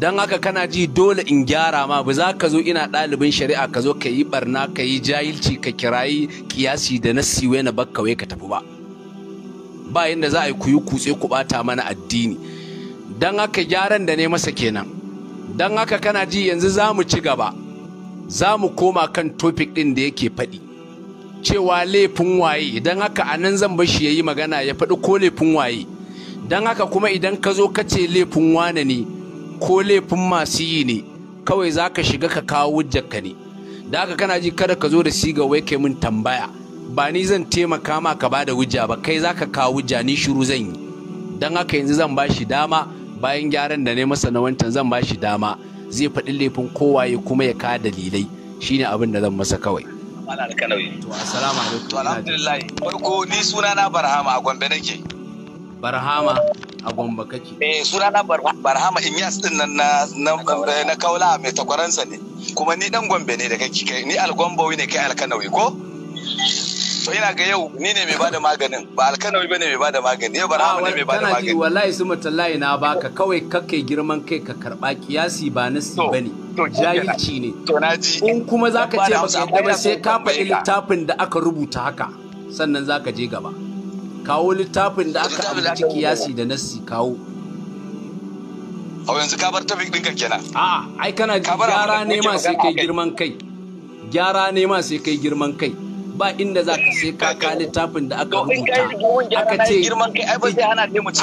A: don haka kana ji dole in gyara ma ba za ka zo ina ɗalibin shari'a ka zo ka yi barna ka yi jahilci ka kirayi kiyasi da nassi na bakkawai ka tafi ba ba yadda za a yi kutse ku bata mana addini don haka gyaran da ne masa kenan don haka kana ji yanzu za mu ci gaba za mu koma kan topic ɗin da yake faɗi cewa laifin waye don haka a nan zan shi ya yi magana ya faɗi ko laifin waye don haka kuma idan ka zo ka ce laifin wane ne ko laifin masu yi ne kawai za ka shiga ka kawo wujjarka ne da haka kana ji kada ka zo da siga wai kai mun tambaya ba ni zan taimaka ma ka bada wuja ba kai zaka kawo hujja ni shiru zan yi don haka yanzu zan bashi dama bayan gyaran da ne masa na wancan zan bashi dama zai faɗi laifin kowaye kuma ya ka dalilai shine abin da zan masa kawai assalamu alaikum
C: alhamdulillah farko ni sunana barhama
A: a gombe nake barhama a gombe kake eh sunana barhama inyas din nan na na kaula mai takwaransa ne kuma ni dan gombe ne da kake ni
C: algombawi ne kai alkanawi ko so ina ga yau ni ne mai bada maganin ba alkanawi ne mai bada magani yau barhama ne mai bada magani kana
A: wallahi su mutallahi na baka kawai kake girman kai ka karba kiyasi ba nasi bane jahilci ne in kuma zaka ce ba yadda ba sai ka faɗi littafin da aka rubuta haka sannan zaka je gaba kawo littafin da aka ambaci kiyasi da nasi kawo a yanzu ka bar tafi ɗinka kenan a'a ai kana gyara nema sai kai girman kai gyara nema sai kai girman kai ba inda za ka sai ka littafin da aka rubuta aka
C: ce